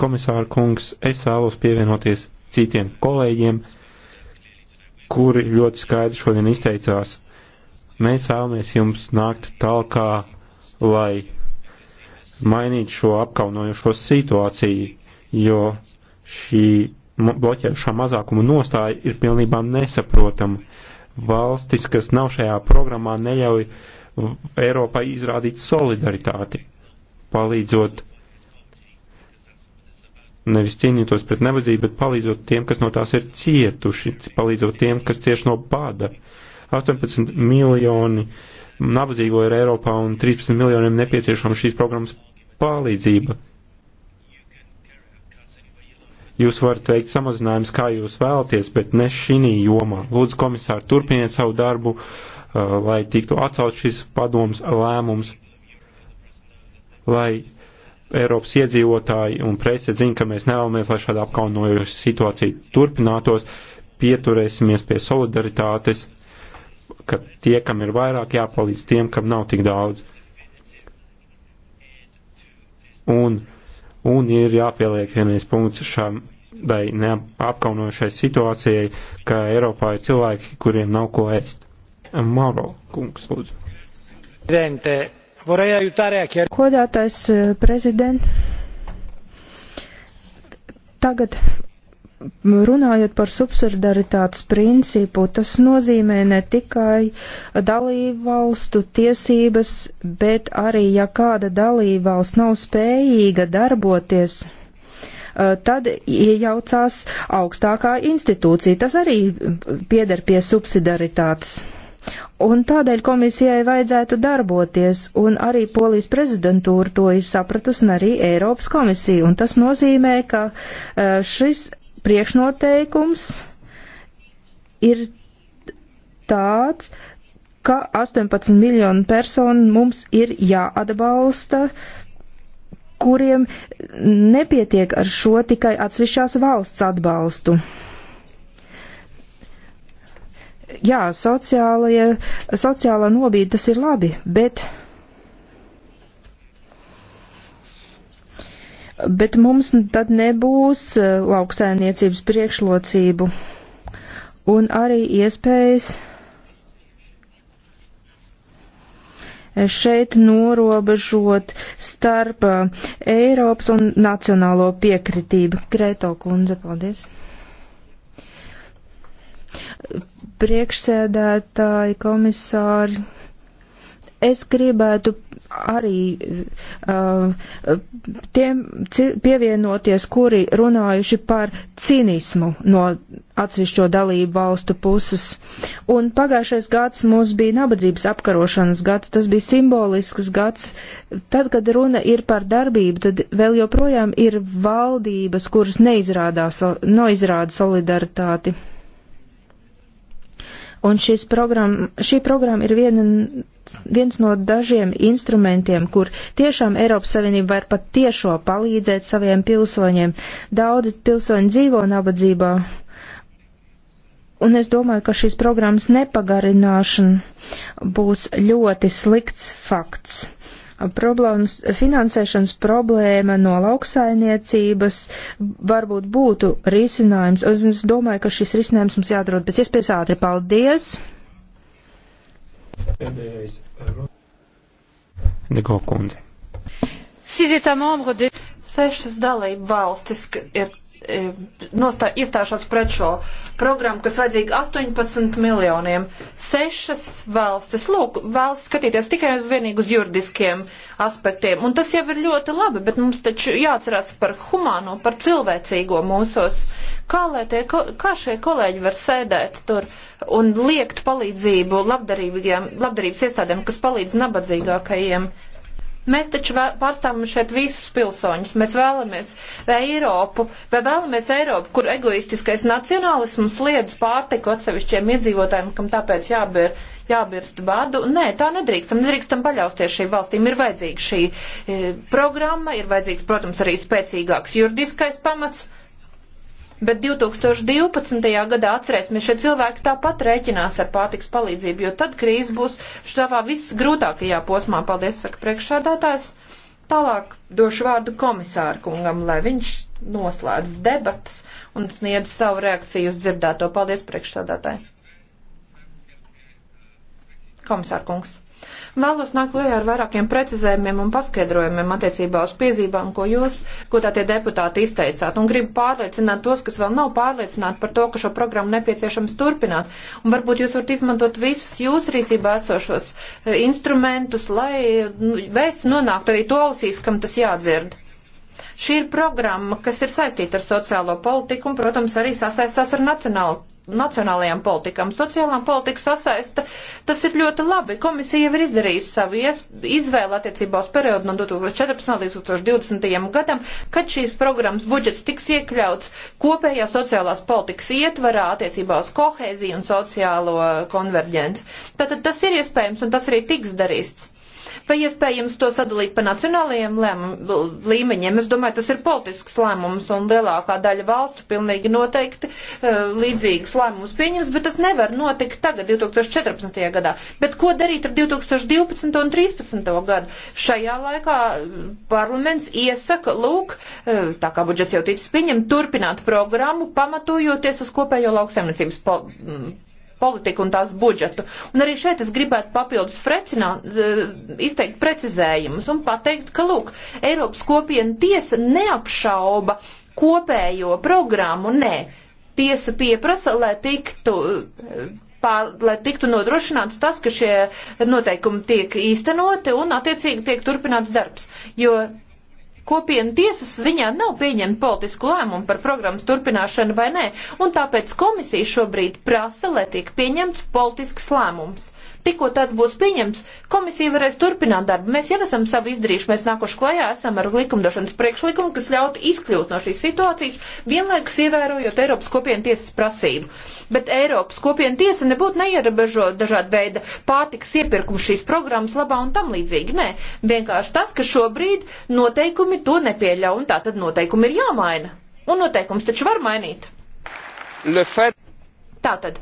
Komisāra kungs, es vēlos pievienoties citiem kolēģiem, kuri ļoti skaidri šodien izteicās. Mēs vēlamies jums nākt talkā, lai mainītu šo apkaunojošo situāciju, jo šī bloķējušā mazākuma nostāja ir pilnībā nesaprotama. Valstis, kas nav šajā programmā, neļauj Eiropai izrādīt solidaritāti, palīdzot nevis cīnītos pret nabadzību, bet palīdzot tiem, kas no tās ir cietuši, palīdzot tiem, kas cieši no bada. 18 miljoni nabadzīgo ir Eiropā un 13 miljoniem nepieciešama šīs programmas palīdzība. Jūs varat veikt samazinājumus, kā jūs vēlaties, bet ne šī jomā. Lūdzu, komisāri, turpiniet savu darbu, uh, lai tiktu atcelt šis padoms lēmums, lai Eiropas iedzīvotāji un prese zina, ka mēs nevēlamies, lai šāda apkaunojoša situācija turpinātos, pieturēsimies pie solidaritātes, ka tie, kam ir vairāk, jāpalīdz tiem, kam nav tik daudz. Un, un ir jāpieliek vienais punkts šam tai neapkaunojušai situācijai, ka Eiropā ir cilvēki, kuriem nav ko ēst. Mauro kungs, lūdzu. Presidente, Vorēja jutārējā ķer. Kodātais eh, prezident, tagad runājot par subsidaritātes principu, tas nozīmē ne tikai dalībvalstu tiesības, bet arī, ja kāda dalībvalsts nav spējīga darboties, eh, tad iejaucās augstākā institūcija. Tas arī pieder pie subsidaritātes. Un tādēļ komisijai vajadzētu darboties, un arī polijas prezidentūra to ir sapratusi, un arī Eiropas komisija. Un tas nozīmē, ka e, šis priekšnoteikums ir tāds, ka 18 miljonu personu mums ir jāatbalsta kuriem nepietiek ar šo tikai atsevišķās valsts atbalstu jā, sociālajie, sociālā nobīde tas ir labi, bet. Bet mums tad nebūs eh, lauksainiecības priekšlocību un arī iespējas eh, šeit norobežot starp eh, Eiropas un nacionālo piekritību. Kreto kundze, paldies priekšsēdētāji, komisāri. Es gribētu arī uh, tiem pievienoties, kuri runājuši par cinismu no atsevišķo dalību valstu puses. Un pagājušais gads mums bija nabadzības apkarošanas gads, tas bija simbolisks gads. Tad, kad runa ir par darbību, tad vēl joprojām ir valdības, kuras neizrādā, neizrāda solidaritāti. Un programma, šī programma ir viena, viens no dažiem instrumentiem, kur tiešām Eiropas Savienība var pat tiešo palīdzēt saviem pilsoņiem. Daudz pilsoņi dzīvo nabadzībā. Un es domāju, ka šīs programmas nepagarināšana būs ļoti slikts fakts problēmas, finansēšanas problēma no lauksainiecības varbūt būtu risinājums. Es domāju, ka šis risinājums mums jāatrod pēc iespējas ātri. Paldies! Pēdējais. Eh, Nigo kundi. Sešas dalību valstis ir E, nostā, iestāšos pret šo programmu, kas vajadzīga 18 miljoniem. Sešas valstis, lūk, vēlas skatīties tikai uz vienīgi uz juridiskiem aspektiem, un tas jau ir ļoti labi, bet mums taču jāatcerās par humāno, par cilvēcīgo mūsos. Kā, tie, kā šie kolēģi var sēdēt tur un liekt palīdzību labdarības iestādēm, kas palīdz nabadzīgākajiem Mēs taču pārstāvam šeit visus pilsoņus. Mēs vēlamies Eiropu, vai vēlamies Eiropu, kur egoistiskais nacionālisms liedz pārtiku atsevišķiem iedzīvotājiem, kam tāpēc jābēr, jābirst badu. Nē, tā nedrīkstam, nedrīkstam paļausties šīm valstīm. Ir vajadzīga šī e, programma, ir vajadzīgs, protams, arī spēcīgāks juridiskais pamats bet 2012. gadā atcerēsimies, šie cilvēki tāpat rēķinās ar pārtiks palīdzību, jo tad krīze būs štāvā viss grūtākajā posmā. Paldies, saka priekšādātājs. Tālāk došu vārdu komisāru kungam, lai viņš noslēdz debatas un sniedz savu reakciju uz dzirdēto. Paldies, priekšsādātāji. Komisāra kungs. Vēlos nākt lejā ar vairākiem precizējumiem un paskaidrojumiem attiecībā uz piezīmām, ko jūs, ko tā tie deputāti izteicāt, un gribu pārliecināt tos, kas vēl nav pārliecināti par to, ka šo programmu nepieciešams turpināt. Un varbūt jūs varat izmantot visus jūsu rīcībā esošos e, instrumentus, lai nu, vēsts nonāktu arī to ausīs, kam tas jādzird. Šī ir programma, kas ir saistīta ar sociālo politiku un, protams, arī sasaistās ar nacionālu nacionālajām politikām, sociālām politikām sasaista. Tas ir ļoti labi. Komisija jau ir izdarījusi savu izvēli attiecībā uz periodu no 2014. līdz 2020. gadam, kad šīs programmas budžets tiks iekļauts kopējā sociālās politikas ietvarā attiecībā uz kohēziju un sociālo konverģenci. Tātad tas ir iespējams un tas arī tiks darīts vai iespējams to sadalīt pa nacionālajiem lēmum, līmeņiem. Es domāju, tas ir politisks lēmums un lielākā daļa valstu pilnīgi noteikti eh, līdzīgas lēmumus pieņems, bet tas nevar notikt tagad, 2014. gadā. Bet ko darīt ar 2012. un 2013. gadu? Šajā laikā eh, parlaments iesaka, lūk, eh, tā kā budžets jau ticis pieņem, turpināt programmu, pamatojot pamatojoties uz kopējo lauksaimniecības politiku un tās budžetu. Un arī šeit es gribētu papildus frecināt, eh, izteikt precizējumus un pateikt, ka, lūk, Eiropas kopiena tiesa neapšauba kopējo programmu, nē. Tiesa pieprasa, lai tiktu eh, pār, lai tiktu nodrošināts tas, ka šie noteikumi tiek īstenoti un attiecīgi tiek turpināts darbs. Jo kopienu tiesas ziņā nav pieņemta politiska lēmuma par programmas turpināšanu vai nē, un tāpēc komisija šobrīd prasa, lai tiek pieņemts politisks lēmums. Tikko tāds būs pieņemts, komisija varēs turpināt darbu. Mēs jau esam savu izdarījuši, mēs nākuši klajā esam ar likumdošanas priekšlikumu, kas ļautu izkļūt no šīs situācijas, vienlaikus ievērojot Eiropas kopienu tiesas prasību. Bet Eiropas kopienu tiesa nebūtu neierobežo dažādu veidu pārtiks iepirkumu šīs programmas labā un tam līdzīgi. Nē, vienkārši tas, ka šobrīd noteikumi to nepieļauj, un tā tad noteikumi ir jāmaina. Un noteikums taču var mainīt. Tātad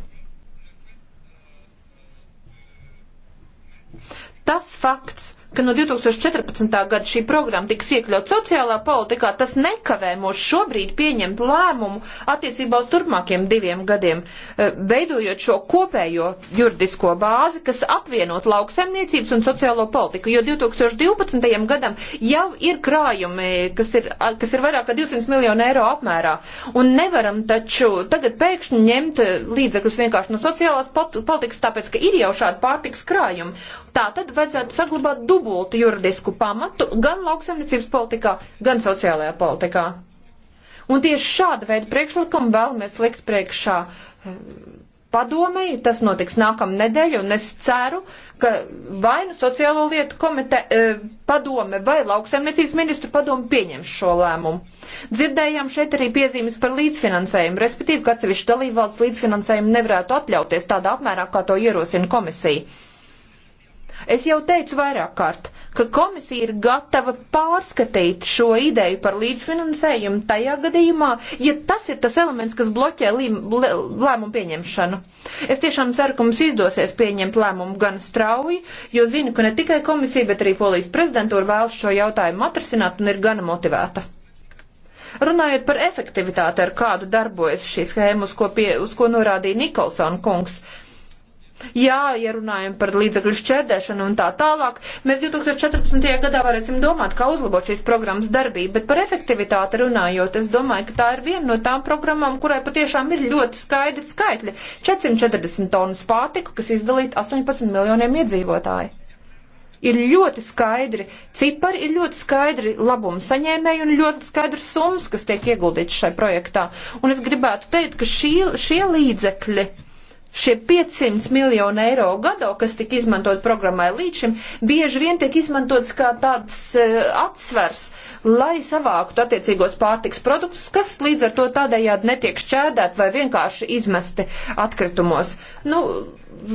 Tas fakts, ka no 2014. gada šī programma tiks iekļaut sociālā politikā, tas nekavē mūs šobrīd pieņemt lēmumu attiecībā uz turpmākiem diviem gadiem, eh, veidojot šo kopējo juridisko bāzi, kas apvienot lauksaimniecības un sociālo politiku, jo 2012. gadam jau ir krājumi, kas ir, kas ir vairāk kā 200 miljonu eiro apmērā, un nevaram taču tagad pēkšņi ņemt eh, līdzekļus vienkārši no sociālās politikas, tāpēc, ka ir jau šādi pārtiks krājumi, Tā tad vajadzētu saglabāt dubultu juridisku pamatu gan lauksaimniecības politikā, gan sociālajā politikā. Un tieši šāda veida priekšlikumu vēlamies likt priekšā eh, padomei, tas notiks nākamā nedēļa, un es ceru, ka vai nu sociālo lietu komite, eh, padome vai lauksaimniecības ministru padome pieņems šo lēmumu. Dzirdējām šeit arī piezīmes par līdzfinansējumu, respektīvi, ka atsevišķi dalībvalsts līdzfinansējumu nevarētu atļauties tādā apmērā, kā to ierosina komisija. Es jau teicu vairāk kārt, ka komisija ir gatava pārskatīt šo ideju par līdzfinansējumu tajā gadījumā, ja tas ir tas elements, kas bloķē lēmumu pieņemšanu. Es tiešām ceru, ka mums izdosies pieņemt lēmumu gan strauji, jo zinu, ka ne tikai komisija, bet arī polijas prezidentūra vēlas šo jautājumu atrasināt un ir gana motivēta. Runājot par efektivitāti, ar kādu darbojas šī schēma, uz ko, pie, uz ko norādīja Nikolson kungs, uh, Jā, ja runājam par līdzekļu šķērdēšanu un tā tālāk, mēs 2014. gadā varēsim domāt, kā uzlabot šīs programmas darbību, bet par efektivitāti runājot, es domāju, ka tā ir viena no tām programmām, kurai patiešām ir ļoti skaidri skaitļi - 440 tonnas pārtiku, kas izdalīta 18 miljoniem iedzīvotāju. Ir ļoti skaidri, cipari ir ļoti skaidri labumu saņēmēji un ļoti skaidri summas, kas tiek ieguldīts šai projektā. Un es gribētu teikt, ka šī, šie līdzekļi Šie 500 miljoni eiro gado, kas tika izmantot programmai līdz šim, bieži vien tiek izmantots kā tāds uh, atsvers, lai savāktu attiecīgos pārtiks produktus, kas līdz ar to tādējādi netiek šķērdēti vai vienkārši izmesti atkritumos. Nu,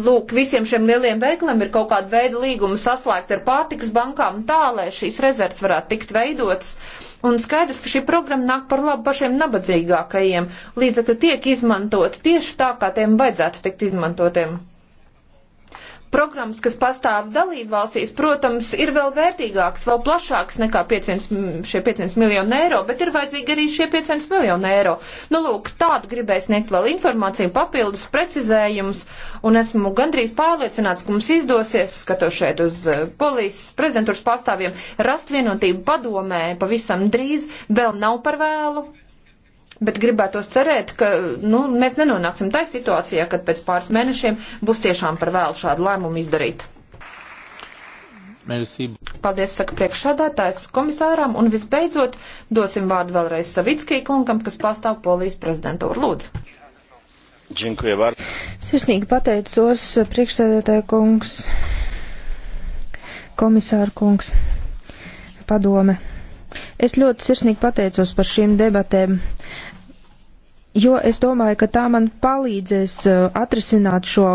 lūk, visiem šiem lieliem veikliem ir kaut kāda veida līguma saslēgt ar pārtiks bankām tā, lai šīs rezerves varētu tikt veidotas. Uh, Un skaidrs, ka šī programma nāk par labu pašiem nabadzīgākajiem. Līdzekļi tiek izmantoti tieši tā, kā tiem vajadzētu tikt izmantotiem programmas, kas pastāv dalību valstīs, protams, ir vēl vērtīgāks, vēl plašāks nekā 500, šie 500 miljoni eiro, bet ir vajadzīgi arī šie 500 miljoni eiro. Nu, lūk, tādu gribēju sniegt vēl informāciju, papildus precizējumus, un esmu gandrīz pārliecināts, ka mums izdosies, skatot šeit uz eh, polijas prezidentūras pārstāvjiem, rast vienotību padomē pavisam drīz, vēl nav par vēlu bet gribētos cerēt, ka nu, mēs nenonāksim tai situācijā, kad pēc pāris mēnešiem būs tiešām par vēlu šādu lēmumu izdarīt. Merci. Paldies, saka priekšsādātājs komisāram, un visbeidzot dosim vārdu vēlreiz Savickī kungam, kas pārstāv Polijas prezidentūru. Lūdzu. Sirsnīgi pateicos, priekšsēdētāja kungs, komisāra kungs, padome. Es ļoti sirsnīgi pateicos par šīm debatēm jo es domāju, ka tā man palīdzēs uh, atrisināt šo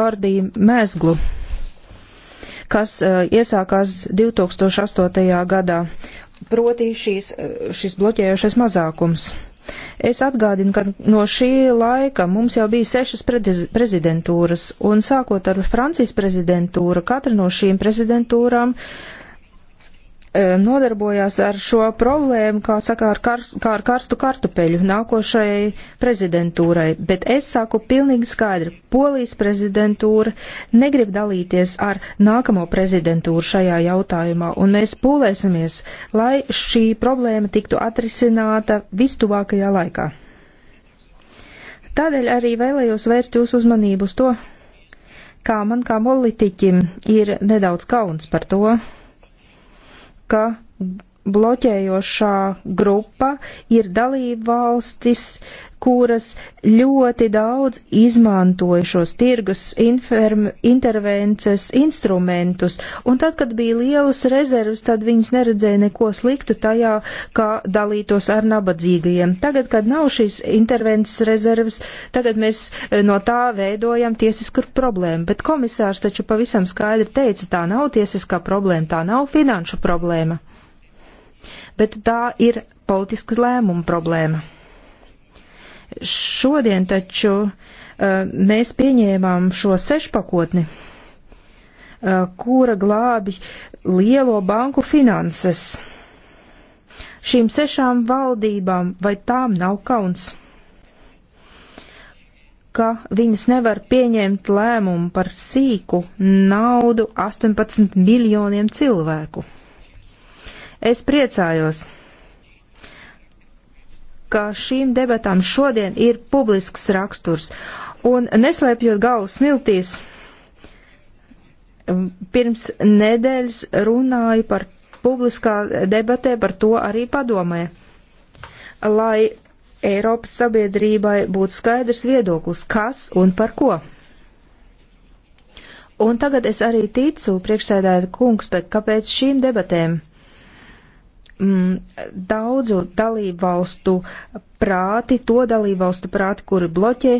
gardīju mēzglu, kas uh, iesākās 2008. gadā, proti šīs, uh, šis bloķējošais mazākums. Es atgādinu, ka no šī laika mums jau bija sešas prezidentūras, un sākot ar Francijas prezidentūru, katra no šīm prezidentūrām uh, E, nodarbojās ar šo problēmu, kā saka, ar, kars, kā ar karstu kartupeļu nākošajai prezidentūrai, bet es saku pilnīgi skaidri, Polijas prezidentūra negrib dalīties ar nākamo prezidentūru šajā jautājumā, un mēs pūlēsimies, lai šī problēma tiktu atrisināta vistuvākajā laikā. Tādēļ arī vēlējos vērst jūsu uzmanību uz to, kā man kā politiķim ir nedaudz kauns par to, ka bloķējošā grupa ir dalība valstis, kuras ļoti daudz izmantoja šos tirgus inferm, intervences instrumentus, un tad, kad bija lielas rezervas, tad viņas neredzēja neko sliktu tajā, kā dalītos ar nabadzīgajiem. Tagad, kad nav šīs intervences rezervas, tagad mēs eh, no tā veidojam tiesisku problēmu, bet komisārs taču pavisam skaidri teica, tā nav tiesiskā problēma, tā nav finanšu problēma, bet tā ir politiskas lēmuma problēma. Šodien taču uh, mēs pieņēmām šo sešpakotni, uh, kura glābi lielo banku finanses. Šīm sešām valdībām vai tām nav kauns, ka viņas nevar pieņemt lēmumu par sīku naudu 18 miljoniem cilvēku. Es priecājos, ka šīm debatām šodien ir publisks raksturs. Un neslēpjot galvu smiltīs, um, pirms nedēļas runāju par publiskā debatē par to arī padomē. Lai Eiropas sabiedrībai būtu skaidrs viedoklis, kas un par ko. Un tagad es arī ticu, priekšsēdētāja kungs, bet kāpēc šīm debatēm? mm, daudzu dalību valstu prāti, to dalību valstu prāti, kuri bloķē,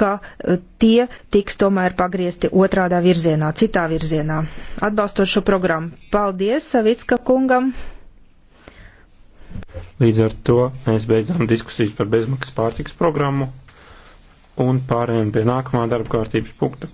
ka eh, tie tiks tomēr pagriezti otrādā virzienā, citā virzienā. Atbalstot šo programmu. Paldies Savicka kungam! Līdz ar to mēs beidzām diskusijas par bezmaksas pārtiks programmu un pārējām pie nākamā darba kārtības punkta.